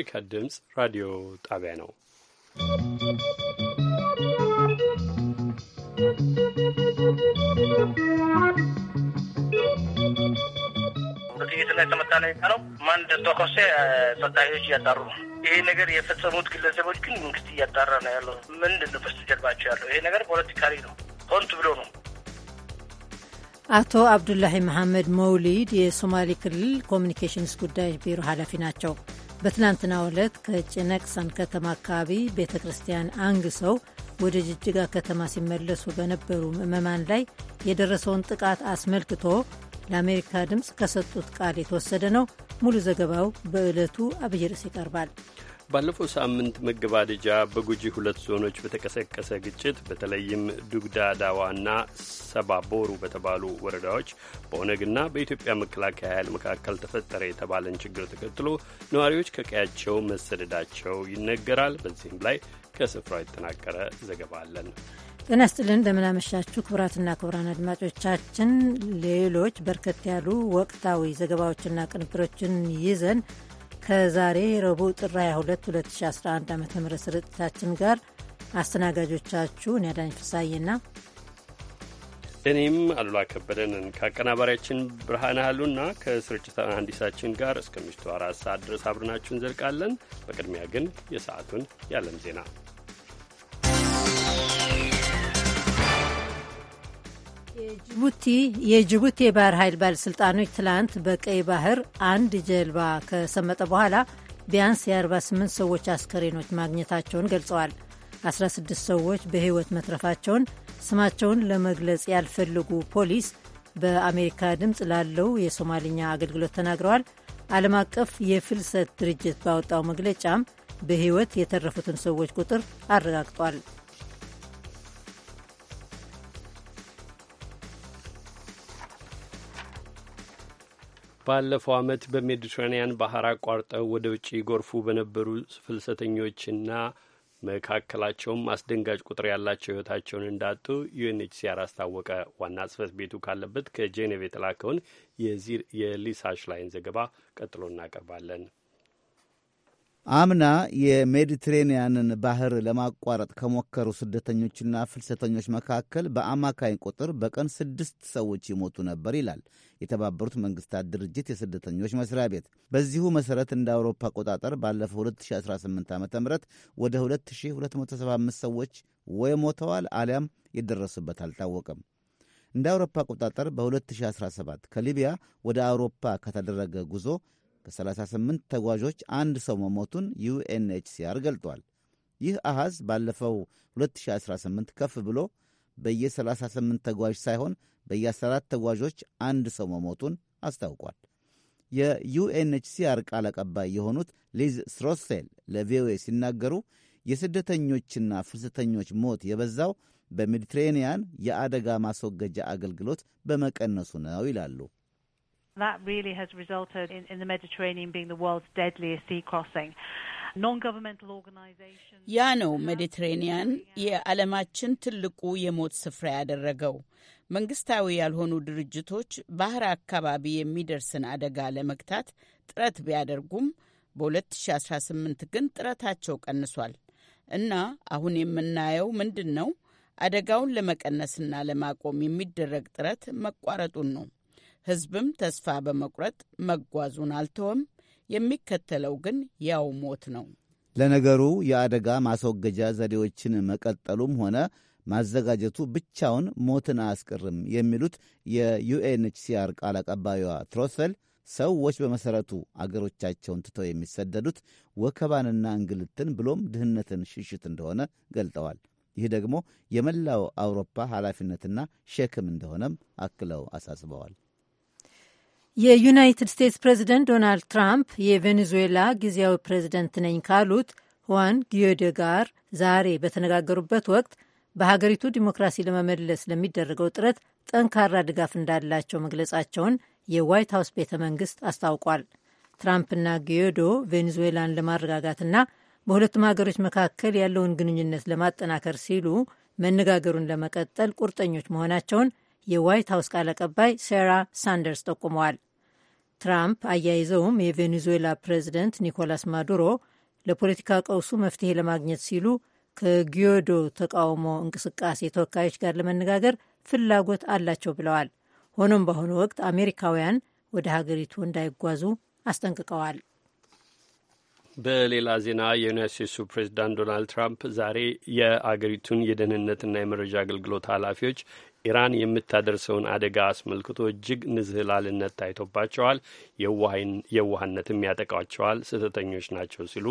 የአሜሪካ ድምፅ ራዲዮ ጣቢያ ነው። በጥይት ላይ ተመታ ነው የሚባለው። ማን እንደተኮሰ ጸጥታ እያጣሩ ነው። ይሄ ነገር የፈጸሙት ግለሰቦች ግን መንግስት እያጣራ ነው ያለው። ምንድን ነው በስተጀርባቸው ያለው? ይሄ ነገር ፖለቲካሊ ነው፣ ሆንት ብሎ ነው። አቶ አብዱላሂ መሐመድ መውሊድ የሶማሌ ክልል ኮሚኒኬሽንስ ጉዳዮች ቢሮ ኃላፊ ናቸው። በትናንትናው ዕለት ከጭነቅሰን ከተማ አካባቢ ቤተ ክርስቲያን አንግሰው ወደ ጅጅጋ ከተማ ሲመለሱ በነበሩ ምዕመማን ላይ የደረሰውን ጥቃት አስመልክቶ ለአሜሪካ ድምፅ ከሰጡት ቃል የተወሰደ ነው። ሙሉ ዘገባው በዕለቱ አብይ ርዕስ ይቀርባል። ባለፈው ሳምንት መገባደጃ በጉጂ ሁለት ዞኖች በተቀሰቀሰ ግጭት በተለይም ዱግዳ ዳዋና ሰባቦሩ በተባሉ ወረዳዎች በኦነግና በኢትዮጵያ መከላከያ ኃይል መካከል ተፈጠረ የተባለን ችግር ተከትሎ ነዋሪዎች ከቀያቸው መሰደዳቸው ይነገራል። በዚህም ላይ ከስፍራው የተጠናቀረ ዘገባ አለን። ጤና ይስጥልን፣ እንደምናመሻችሁ ክቡራትና ክቡራን አድማጮቻችን ሌሎች በርከት ያሉ ወቅታዊ ዘገባዎችና ቅንብሮችን ይዘን ከዛሬ ረቡዕ ጥር 22 2011 ዓ ም ስርጭታችን ጋር አስተናጋጆቻችሁ ኒያዳኝ ፍሳዬና እኔም አሉላ ከበደንን ከአቀናባሪያችን ብርሃን ሀሉና ከስርጭት መሐንዲሳችን ጋር እስከ ምሽቱ አራት ሰዓት ድረስ አብረናችሁ እንዘልቃለን። በቅድሚያ ግን የሰዓቱን የዓለም ዜና የጅቡቲ የባህር ኃይል ባለሥልጣኖች ትላንት በቀይ ባህር አንድ ጀልባ ከሰመጠ በኋላ ቢያንስ የ48 ሰዎች አስከሬኖች ማግኘታቸውን ገልጸዋል። 16 ሰዎች በሕይወት መትረፋቸውን ስማቸውን ለመግለጽ ያልፈልጉ ፖሊስ በአሜሪካ ድምፅ ላለው የሶማልኛ አገልግሎት ተናግረዋል። ዓለም አቀፍ የፍልሰት ድርጅት ባወጣው መግለጫም በሕይወት የተረፉትን ሰዎች ቁጥር አረጋግጧል። ባለፈው ዓመት በሜዲትራኒያን ባህር አቋርጠው ወደ ውጭ ጎርፉ በነበሩ ፍልሰተኞችና መካከላቸውም አስደንጋጭ ቁጥር ያላቸው ህይወታቸውን እንዳጡ ዩኤንኤችሲአር አስታወቀ። ዋና ጽህፈት ቤቱ ካለበት ከጄኔቭ የተላከውን የሊሳ ሽላይን ዘገባ ቀጥሎ እናቀርባለን። አምና የሜዲትሬንያንን ባህር ለማቋረጥ ከሞከሩ ስደተኞችና ፍልሰተኞች መካከል በአማካኝ ቁጥር በቀን ስድስት ሰዎች ይሞቱ ነበር ይላል የተባበሩት መንግስታት ድርጅት የስደተኞች መስሪያ ቤት። በዚሁ መሠረት እንደ አውሮፓ አቆጣጠር ባለፈው 2018 ዓ ም ወደ 2275 ሰዎች ወይ ሞተዋል አሊያም የደረሱበት አልታወቀም። እንደ አውሮፓ አቆጣጠር በ2017 ከሊቢያ ወደ አውሮፓ ከተደረገ ጉዞ ከ38 ተጓዦች አንድ ሰው መሞቱን ዩኤንኤችሲአር ገልጧል። ይህ አሃዝ ባለፈው 2018 ከፍ ብሎ በየ38 ተጓዥ ሳይሆን በየ14 ተጓዦች አንድ ሰው መሞቱን አስታውቋል። የዩኤንኤችሲአር ቃል አቀባይ የሆኑት ሊዝ ስሮሴል ለቪኦኤ ሲናገሩ የስደተኞችና ፍልሰተኞች ሞት የበዛው በሜዲትሬንያን የአደጋ ማስወገጃ አገልግሎት በመቀነሱ ነው ይላሉ። That really has resulted in, in the Mediterranean being the world's deadliest sea crossing. ያ ነው ሜዲትሬኒያን የዓለማችን ትልቁ የሞት ስፍራ ያደረገው። መንግስታዊ ያልሆኑ ድርጅቶች ባህር አካባቢ የሚደርስን አደጋ ለመግታት ጥረት ቢያደርጉም በ2018 ግን ጥረታቸው ቀንሷል እና አሁን የምናየው ምንድን ነው? አደጋውን ለመቀነስና ለማቆም የሚደረግ ጥረት መቋረጡን ነው። ህዝብም ተስፋ በመቁረጥ መጓዙን አልተወም። የሚከተለው ግን ያው ሞት ነው። ለነገሩ የአደጋ ማስወገጃ ዘዴዎችን መቀጠሉም ሆነ ማዘጋጀቱ ብቻውን ሞትን አያስቀርም የሚሉት የዩኤንኤችሲአር ቃል አቀባዩዋ ትሮሰል ሰዎች በመሠረቱ አገሮቻቸውን ትተው የሚሰደዱት ወከባንና እንግልትን ብሎም ድህነትን ሽሽት እንደሆነ ገልጠዋል። ይህ ደግሞ የመላው አውሮፓ ኃላፊነትና ሸክም እንደሆነም አክለው አሳስበዋል። የዩናይትድ ስቴትስ ፕሬዚደንት ዶናልድ ትራምፕ የቬኔዙዌላ ጊዜያዊ ፕሬዚደንት ነኝ ካሉት ሁዋን ጊዮዴ ጋር ዛሬ በተነጋገሩበት ወቅት በሀገሪቱ ዲሞክራሲ ለመመለስ ለሚደረገው ጥረት ጠንካራ ድጋፍ እንዳላቸው መግለጻቸውን የዋይት ሀውስ ቤተ መንግስት አስታውቋል። ትራምፕና ጊዮዶ ቬኔዙዌላን ለማረጋጋትና በሁለቱም ሀገሮች መካከል ያለውን ግንኙነት ለማጠናከር ሲሉ መነጋገሩን ለመቀጠል ቁርጠኞች መሆናቸውን የዋይት ሀውስ ቃል አቀባይ ሴራ ሳንደርስ ጠቁመዋል። ትራምፕ አያይዘውም የቬኔዙዌላ ፕሬዚደንት ኒኮላስ ማዱሮ ለፖለቲካ ቀውሱ መፍትሄ ለማግኘት ሲሉ ከጊዮዶ ተቃውሞ እንቅስቃሴ ተወካዮች ጋር ለመነጋገር ፍላጎት አላቸው ብለዋል። ሆኖም በአሁኑ ወቅት አሜሪካውያን ወደ ሀገሪቱ እንዳይጓዙ አስጠንቅቀዋል። በሌላ ዜና የዩናይት ስቴትሱ ፕሬዚዳንት ዶናልድ ትራምፕ ዛሬ የአገሪቱን የደህንነትና የመረጃ አገልግሎት ኃላፊዎች ኢራን የምታደርሰውን አደጋ አስመልክቶ እጅግ ንዝህላልነት ታይቶባቸዋል፣ የዋህነትም ያጠቃቸዋል፣ ስህተተኞች ናቸው ሲሉ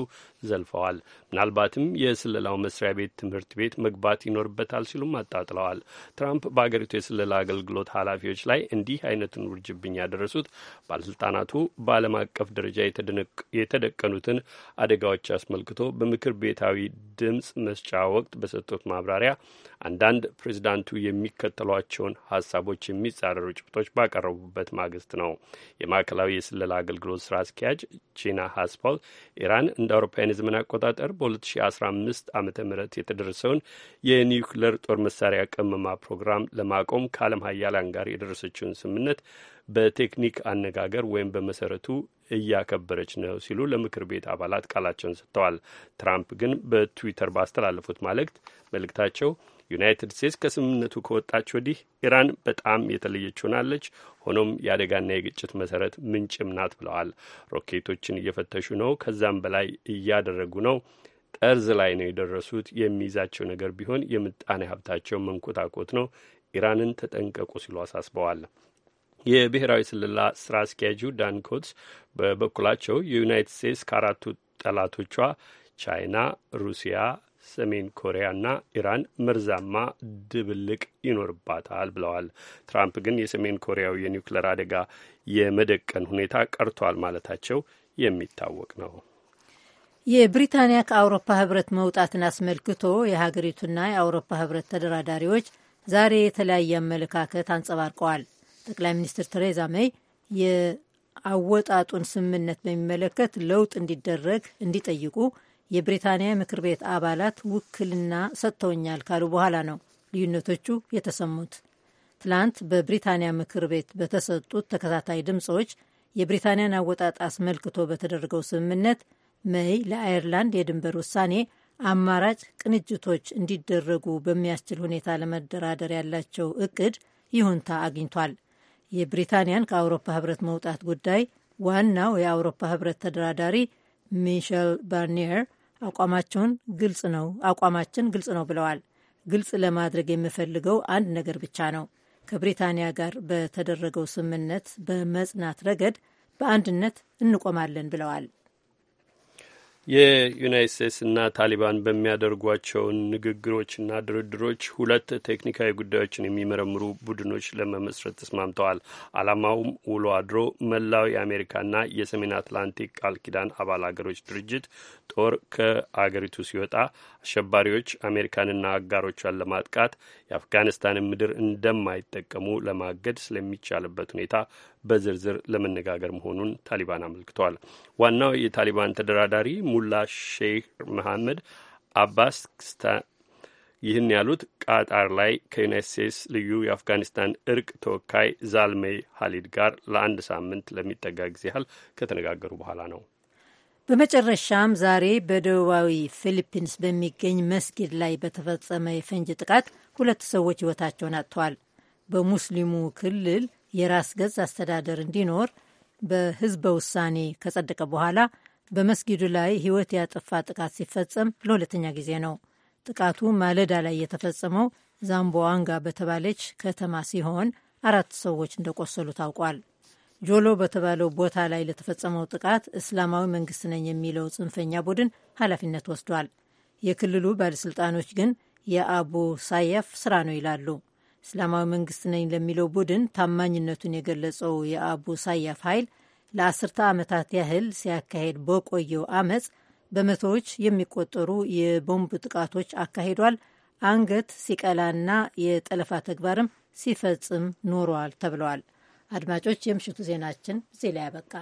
ዘልፈዋል። ምናልባትም የስለላው መስሪያ ቤት ትምህርት ቤት መግባት ይኖርበታል ሲሉም አጣጥለዋል። ትራምፕ በአገሪቱ የስለላ አገልግሎት ኃላፊዎች ላይ እንዲህ አይነቱን ውርጅብኝ ያደረሱት ባለስልጣናቱ በዓለም አቀፍ ደረጃ የተደቀኑትን አደጋዎች አስመልክቶ በምክር ቤታዊ ድምፅ መስጫ ወቅት በሰጡት ማብራሪያ አንዳንድ ፕሬዚዳንቱ የሚከ ያስከተሏቸውን ሀሳቦች የሚጻረሩ ጭብጦች ባቀረቡበት ማግስት ነው። የማዕከላዊ የስለላ አገልግሎት ስራ አስኪያጅ ቺና ሀስፖል ኢራን እንደ አውሮፓውያን የዘመን አቆጣጠር በ2015 ዓ ም የተደረሰውን የኒውክለር ጦር መሳሪያ ቅመማ ፕሮግራም ለማቆም ከዓለም ሀያላን ጋር የደረሰችውን ስምምነት በቴክኒክ አነጋገር ወይም በመሰረቱ እያከበረች ነው ሲሉ ለምክር ቤት አባላት ቃላቸውን ሰጥተዋል። ትራምፕ ግን በትዊተር ባስተላለፉት መልእክታቸው ዩናይትድ ስቴትስ ከስምምነቱ ከወጣች ወዲህ ኢራን በጣም የተለየች ሆናለች። ሆኖም የአደጋና የግጭት መሰረት ምንጭም ናት ብለዋል። ሮኬቶችን እየፈተሹ ነው፣ ከዛም በላይ እያደረጉ ነው። ጠርዝ ላይ ነው የደረሱት። የሚይዛቸው ነገር ቢሆን የምጣኔ ሀብታቸው መንኮታኮት ነው። ኢራንን ተጠንቀቁ ሲሉ አሳስበዋል። የብሔራዊ ስለላ ስራ አስኪያጁ ዳን ኮትስ በበኩላቸው የዩናይትድ ስቴትስ ከአራቱ ጠላቶቿ ቻይና፣ ሩሲያ፣ ሰሜን ኮሪያና ኢራን መርዛማ ድብልቅ ይኖርባታል ብለዋል። ትራምፕ ግን የሰሜን ኮሪያው የኒውክሌር አደጋ የመደቀን ሁኔታ ቀርቷል ማለታቸው የሚታወቅ ነው። የብሪታንያ ከአውሮፓ ህብረት መውጣትን አስመልክቶ የሀገሪቱና የአውሮፓ ህብረት ተደራዳሪዎች ዛሬ የተለያየ አመለካከት አንጸባርቀዋል። ጠቅላይ ሚኒስትር ቴሬዛ ሜይ የአወጣጡን ስምምነት በሚመለከት ለውጥ እንዲደረግ እንዲጠይቁ የብሪታንያ ምክር ቤት አባላት ውክልና ሰጥተውኛል ካሉ በኋላ ነው ልዩነቶቹ የተሰሙት። ትላንት በብሪታንያ ምክር ቤት በተሰጡት ተከታታይ ድምፆች የብሪታንያን አወጣጥ አስመልክቶ በተደረገው ስምምነት መይ ለአየርላንድ የድንበር ውሳኔ አማራጭ ቅንጅቶች እንዲደረጉ በሚያስችል ሁኔታ ለመደራደር ያላቸው እቅድ ይሁንታ አግኝቷል። የብሪታንያን ከአውሮፓ ህብረት መውጣት ጉዳይ ዋናው የአውሮፓ ህብረት ተደራዳሪ ሚሸል ባርኒየር አቋማቸውን ግልጽ ነው አቋማችን ግልጽ ነው ብለዋል። ግልጽ ለማድረግ የምፈልገው አንድ ነገር ብቻ ነው። ከብሪታንያ ጋር በተደረገው ስምምነት በመጽናት ረገድ በአንድነት እንቆማለን ብለዋል። የዩናይት ስቴትስና ታሊባን በሚያደርጓቸው ንግግሮችና ድርድሮች ሁለት ቴክኒካዊ ጉዳዮችን የሚመረምሩ ቡድኖች ለመመስረት ተስማምተዋል። ዓላማውም ውሎ አድሮ መላው የአሜሪካና የሰሜን አትላንቲክ ቃል ኪዳን አባል አገሮች ድርጅት ጦር ከአገሪቱ ሲወጣ አሸባሪዎች አሜሪካንና አጋሮቿን ለማጥቃት የአፍጋኒስታንን ምድር እንደማይጠቀሙ ለማገድ ስለሚቻልበት ሁኔታ በዝርዝር ለመነጋገር መሆኑን ታሊባን አመልክቷል። ዋናው የታሊባን ተደራዳሪ ሙላ ሼህ መሐመድ አባስ ይህን ያሉት ቃጣር ላይ ከዩናይት ስቴትስ ልዩ የአፍጋኒስታን እርቅ ተወካይ ዛልሜይ ሀሊድ ጋር ለአንድ ሳምንት ለሚጠጋ ጊዜ ያህል ከተነጋገሩ በኋላ ነው። በመጨረሻም ዛሬ በደቡባዊ ፊሊፒንስ በሚገኝ መስጊድ ላይ በተፈጸመ የፈንጅ ጥቃት ሁለት ሰዎች ሕይወታቸውን አጥተዋል። በሙስሊሙ ክልል የራስ ገዝ አስተዳደር እንዲኖር በህዝበ ውሳኔ ከጸደቀ በኋላ በመስጊዱ ላይ ህይወት ያጠፋ ጥቃት ሲፈጸም ለሁለተኛ ጊዜ ነው። ጥቃቱ ማለዳ ላይ የተፈጸመው ዛምቦዋንጋ በተባለች ከተማ ሲሆን አራት ሰዎች እንደቆሰሉ ታውቋል። ጆሎ በተባለው ቦታ ላይ ለተፈጸመው ጥቃት እስላማዊ መንግስት ነኝ የሚለው ጽንፈኛ ቡድን ኃላፊነት ወስዷል። የክልሉ ባለሥልጣኖች ግን የአቡ ሳየፍ ስራ ነው ይላሉ። እስላማዊ መንግስት ነኝ ለሚለው ቡድን ታማኝነቱን የገለጸው የአቡ ሳያፍ ኃይል ለአስርተ ዓመታት ያህል ሲያካሄድ በቆየው አመፅ በመቶዎች የሚቆጠሩ የቦምብ ጥቃቶች አካሂዷል። አንገት ሲቀላና የጠለፋ ተግባርም ሲፈጽም ኖረዋል ተብለዋል። አድማጮች፣ የምሽቱ ዜናችን እዚህ ላይ ያበቃ።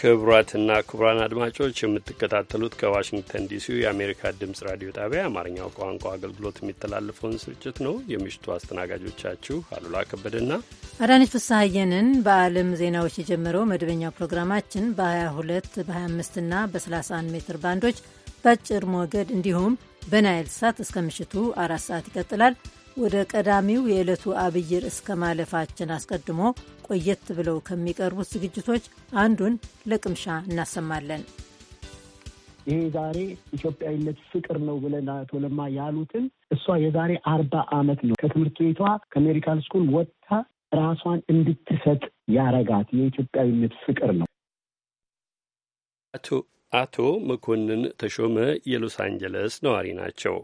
ክቡራትና ክቡራን አድማጮች የምትከታተሉት ከዋሽንግተን ዲሲ የአሜሪካ ድምጽ ራዲዮ ጣቢያ የአማርኛው ቋንቋ አገልግሎት የሚተላለፈውን ስርጭት ነው። የምሽቱ አስተናጋጆቻችሁ አሉላ ከበደና አዳነች ፍስሐየንን። በዓለም ዜናዎች የጀመረው መደበኛው ፕሮግራማችን በ22 በ25 እና በ31 ሜትር ባንዶች በአጭር ሞገድ እንዲሁም በናይል ሳት እስከ ምሽቱ አራት ሰዓት ይቀጥላል። ወደ ቀዳሚው የዕለቱ አብይ ርዕስ ከማለፋችን አስቀድሞ ቆየት ብለው ከሚቀርቡት ዝግጅቶች አንዱን ለቅምሻ እናሰማለን። ይሄ ዛሬ ኢትዮጵያዊነት ፍቅር ነው ብለን አቶ ለማ ያሉትን እሷ የዛሬ አርባ ዓመት ነው ከትምህርት ቤቷ ከሜዲካል ስኩል ወጥታ ራሷን እንድትሰጥ ያረጋት የኢትዮጵያዊነት ፍቅር ነው። አቶ መኮንን ተሾመ የሎስ አንጀለስ ነዋሪ ናቸው።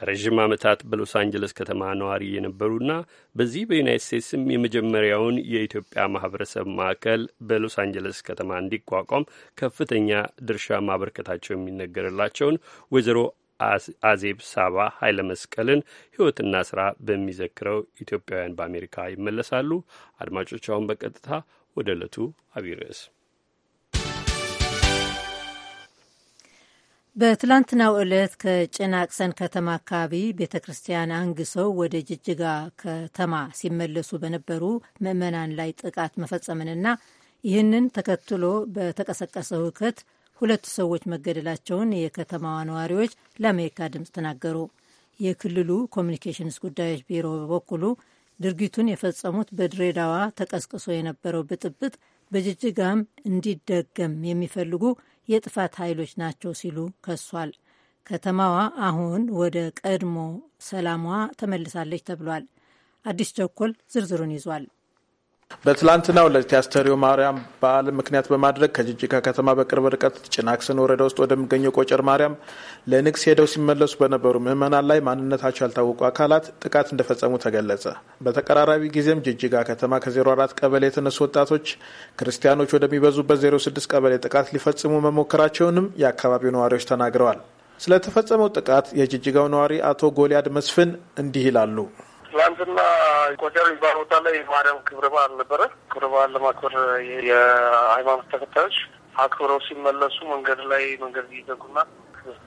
ለረዥም ዓመታት በሎስ አንጀለስ ከተማ ነዋሪ የነበሩና በዚህ በዩናይት ስቴትስም የመጀመሪያውን የኢትዮጵያ ማህበረሰብ ማዕከል በሎስ አንጀለስ ከተማ እንዲቋቋም ከፍተኛ ድርሻ ማበርከታቸው የሚነገርላቸውን ወይዘሮ አዜብ ሳባ ኃይለ መስቀልን ሕይወትና ስራ በሚዘክረው ኢትዮጵያውያን በአሜሪካ ይመለሳሉ። አድማጮች፣ አሁን በቀጥታ ወደ ዕለቱ አብይ ርዕስ በትላንትናው ዕለት ከጭናቅሰን ከተማ አካባቢ ቤተ ክርስቲያን አንግሰው ወደ ጅጅጋ ከተማ ሲመለሱ በነበሩ ምዕመናን ላይ ጥቃት መፈጸምንና ይህንን ተከትሎ በተቀሰቀሰው ውከት ሁለት ሰዎች መገደላቸውን የከተማዋ ነዋሪዎች ለአሜሪካ ድምፅ ተናገሩ። የክልሉ ኮሚኒኬሽንስ ጉዳዮች ቢሮ በበኩሉ ድርጊቱን የፈጸሙት በድሬዳዋ ተቀስቅሶ የነበረው ብጥብጥ በጅጅጋም እንዲደገም የሚፈልጉ የጥፋት ኃይሎች ናቸው ሲሉ ከሷል። ከተማዋ አሁን ወደ ቀድሞ ሰላሟ ተመልሳለች ተብሏል። አዲስ ቸኮል ዝርዝሩን ይዟል። በትላንትና ሁለት የአስተርዮ ማርያም በዓል ምክንያት በማድረግ ከጅጅጋ ከተማ በቅርብ ርቀት ጭናክስን ወረዳ ውስጥ ወደሚገኘው ቆጨር ማርያም ለንግስ ሄደው ሲመለሱ በነበሩ ምዕመናን ላይ ማንነታቸው ያልታወቁ አካላት ጥቃት እንደፈጸሙ ተገለጸ። በተቀራራቢ ጊዜም ጅጅጋ ከተማ ከ04 ቀበሌ የተነሱ ወጣቶች ክርስቲያኖች ወደሚበዙበት 06 ቀበሌ ጥቃት ሊፈጽሙ መሞከራቸውንም የአካባቢው ነዋሪዎች ተናግረዋል። ስለተፈጸመው ጥቃት የጅጅጋው ነዋሪ አቶ ጎልያድ መስፍን እንዲህ ይላሉ። ትናንትና ቆጨር የሚባል ቦታ ላይ ማርያም ክብረ በዓል ነበረ። ክብረ በዓል ለማክበር የሃይማኖት ተከታዮች አክብረው ሲመለሱ መንገድ ላይ መንገድ ይዘጉና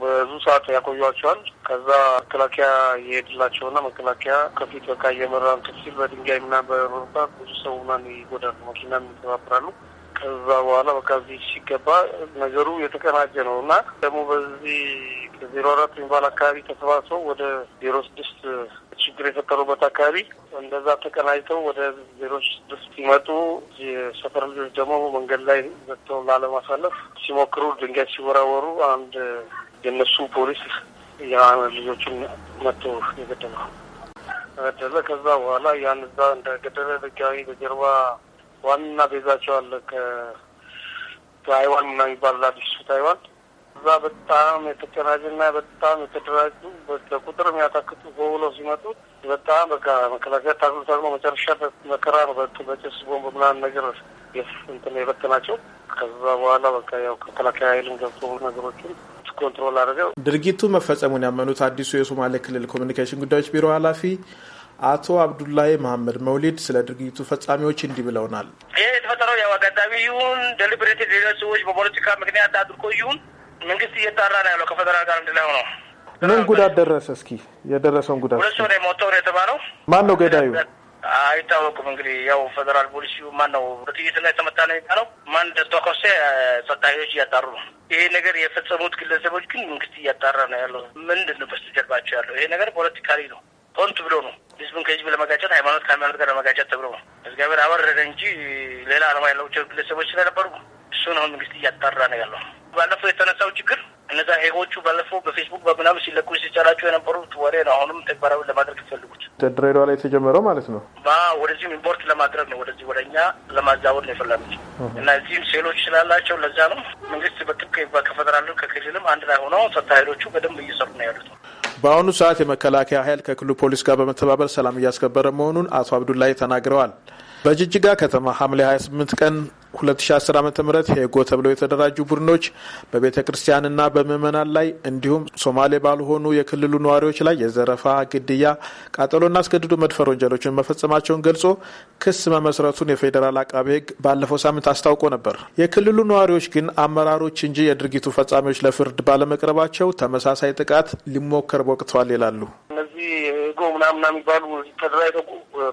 ብዙ ሰዓት ያቆዩቸዋል። ከዛ መከላከያ የሄድላቸውና መከላከያ ከፊት በቃ እየመራን ክፍል በድንጋይ ምና በመሩባ ብዙ ሰው ምናን ይጎዳሉ፣ መኪና ይተባብራሉ። ከዛ በኋላ በቃ እዚህ ሲገባ ነገሩ የተቀናጀ ነው እና ደግሞ በዚህ ዜሮ አራት የሚባል አካባቢ ተሰባስበው ወደ ዜሮ ስድስት ችግር የፈጠሩበት አካባቢ እንደዛ ተቀናጅተው ወደ ሌሎች ስድስት ሲመጡ የሰፈር ልጆች ደግሞ መንገድ ላይ መጥተው ላለማሳለፍ ሲሞክሩ ድንጋይ ሲወራወሩ አንድ የነሱ ፖሊስ የአመ ልጆቹን መጥቶ የገደለው ገደለ። ከዛ በኋላ ያን እዛ እንደገደለ ድጋሚ በጀርባ ዋና ቤዛቸው አለ ከታይዋን ምናምን የሚባል አዲሱ ታይዋን እዛ በጣም የተጨናጅና በጣም የተደራጁ በቁጥር የሚያታክቱ በውለው ሲመጡ በጣም በቃ መከላከያ ታግሎ ታግሎ መጨረሻ መከራ ነው በጭስ ቦምብ ምናምን ነገር እንትን የበተናቸው። ከዛ በኋላ በቃ ያው መከላከያ ኃይልን ገብቶ ነገሮችን ኮንትሮል አድርገው ድርጊቱ መፈጸሙን ያመኑት አዲሱ የሶማሌ ክልል ኮሚኒኬሽን ጉዳዮች ቢሮ ኃላፊ አቶ አብዱላይ መሀመድ መውሊድ ስለ ድርጊቱ ፈጻሚዎች እንዲህ ብለውናል። ይህ የተፈጠረው ያው አጋጣሚ ይሁን ደሊብሬት ሌሎች ሰዎች በፖለቲካ ምክንያት አድርጎ ይሁን መንግስት እየጣራ ነው ያለው ከፌደራል ጋር እንድላይ ነው። ምን ጉዳት ደረሰ? እስኪ የደረሰውን ጉዳት ሁለት ሰው ሞተው ነው የተባለው። ማን ነው ገዳዩ? አይታወቅም። እንግዲህ ያው ፌደራል ፖሊሲ ማን ነው በጥይት ላይ የተመታ ነው የሚባለው ማን ደተኮሰ ጸጥታ እያጣሩ ነው። ይሄ ነገር የፈጸሙት ግለሰቦች ግን መንግስት እያጣራ ነው ያለው። ምንድን ነው በስተጀርባቸው ያለው? ይሄ ነገር ፖለቲካሊ ነው፣ ሆንት ብሎ ነው ህዝብን ከህዝብ ለመጋጨት ሃይማኖት ከሃይማኖት ጋር ለመጋጨት ተብሎ ነው። እግዚአብሔር አበረደ እንጂ ሌላ አለማ ያለው ግለሰቦች ስለነበሩ እሱ ነው መንግስት እያጣራ ነው ያለው። ባለፈው የተነሳው ችግር እነዛ ሄጎቹ ባለፈው በፌስቡክ በምናምን ሲለቁ ሲሰራቸው የነበሩት ወሬ ነው። አሁንም ተግባራዊ ለማድረግ ይፈልጉት ድሬዳዋ ላይ የተጀመረው ማለት ነው። ወደዚህም ኢምፖርት ለማድረግ ነው፣ ወደዚህ ወደ እኛ ለማዛወር ነው የፈለጉት እና እዚህም ሴሎች ስላላቸው ለዛ ነው መንግስት በጥብቅ ከፌደራል ከክልልም አንድ ላይ ሆነው ጸጥታ ኃይሎቹ በደንብ እየሰሩ ነው ያሉት። በአሁኑ ሰዓት የመከላከያ ኃይል ከክልሉ ፖሊስ ጋር በመተባበር ሰላም እያስከበረ መሆኑን አቶ አብዱላይ ተናግረዋል። በጅጅጋ ከተማ ሐምሌ 28 ቀን 2010 ዓ ም ሄጎ ተብለው የተደራጁ ቡድኖች በቤተ ክርስቲያንና በምዕመናን ላይ እንዲሁም ሶማሌ ባልሆኑ የክልሉ ነዋሪዎች ላይ የዘረፋ፣ ግድያ፣ ቃጠሎና አስገድዶ መድፈር ወንጀሎችን መፈጸማቸውን ገልጾ ክስ መመስረቱን የፌዴራል አቃቤ ሕግ ባለፈው ሳምንት አስታውቆ ነበር። የክልሉ ነዋሪዎች ግን አመራሮች እንጂ የድርጊቱ ፈጻሚዎች ለፍርድ ባለመቅረባቸው ተመሳሳይ ጥቃት ሊሞከር ቦቅተዋል ይላሉ። እነዚህ ሄጎ ምናምና የሚባሉ ተደራጅተው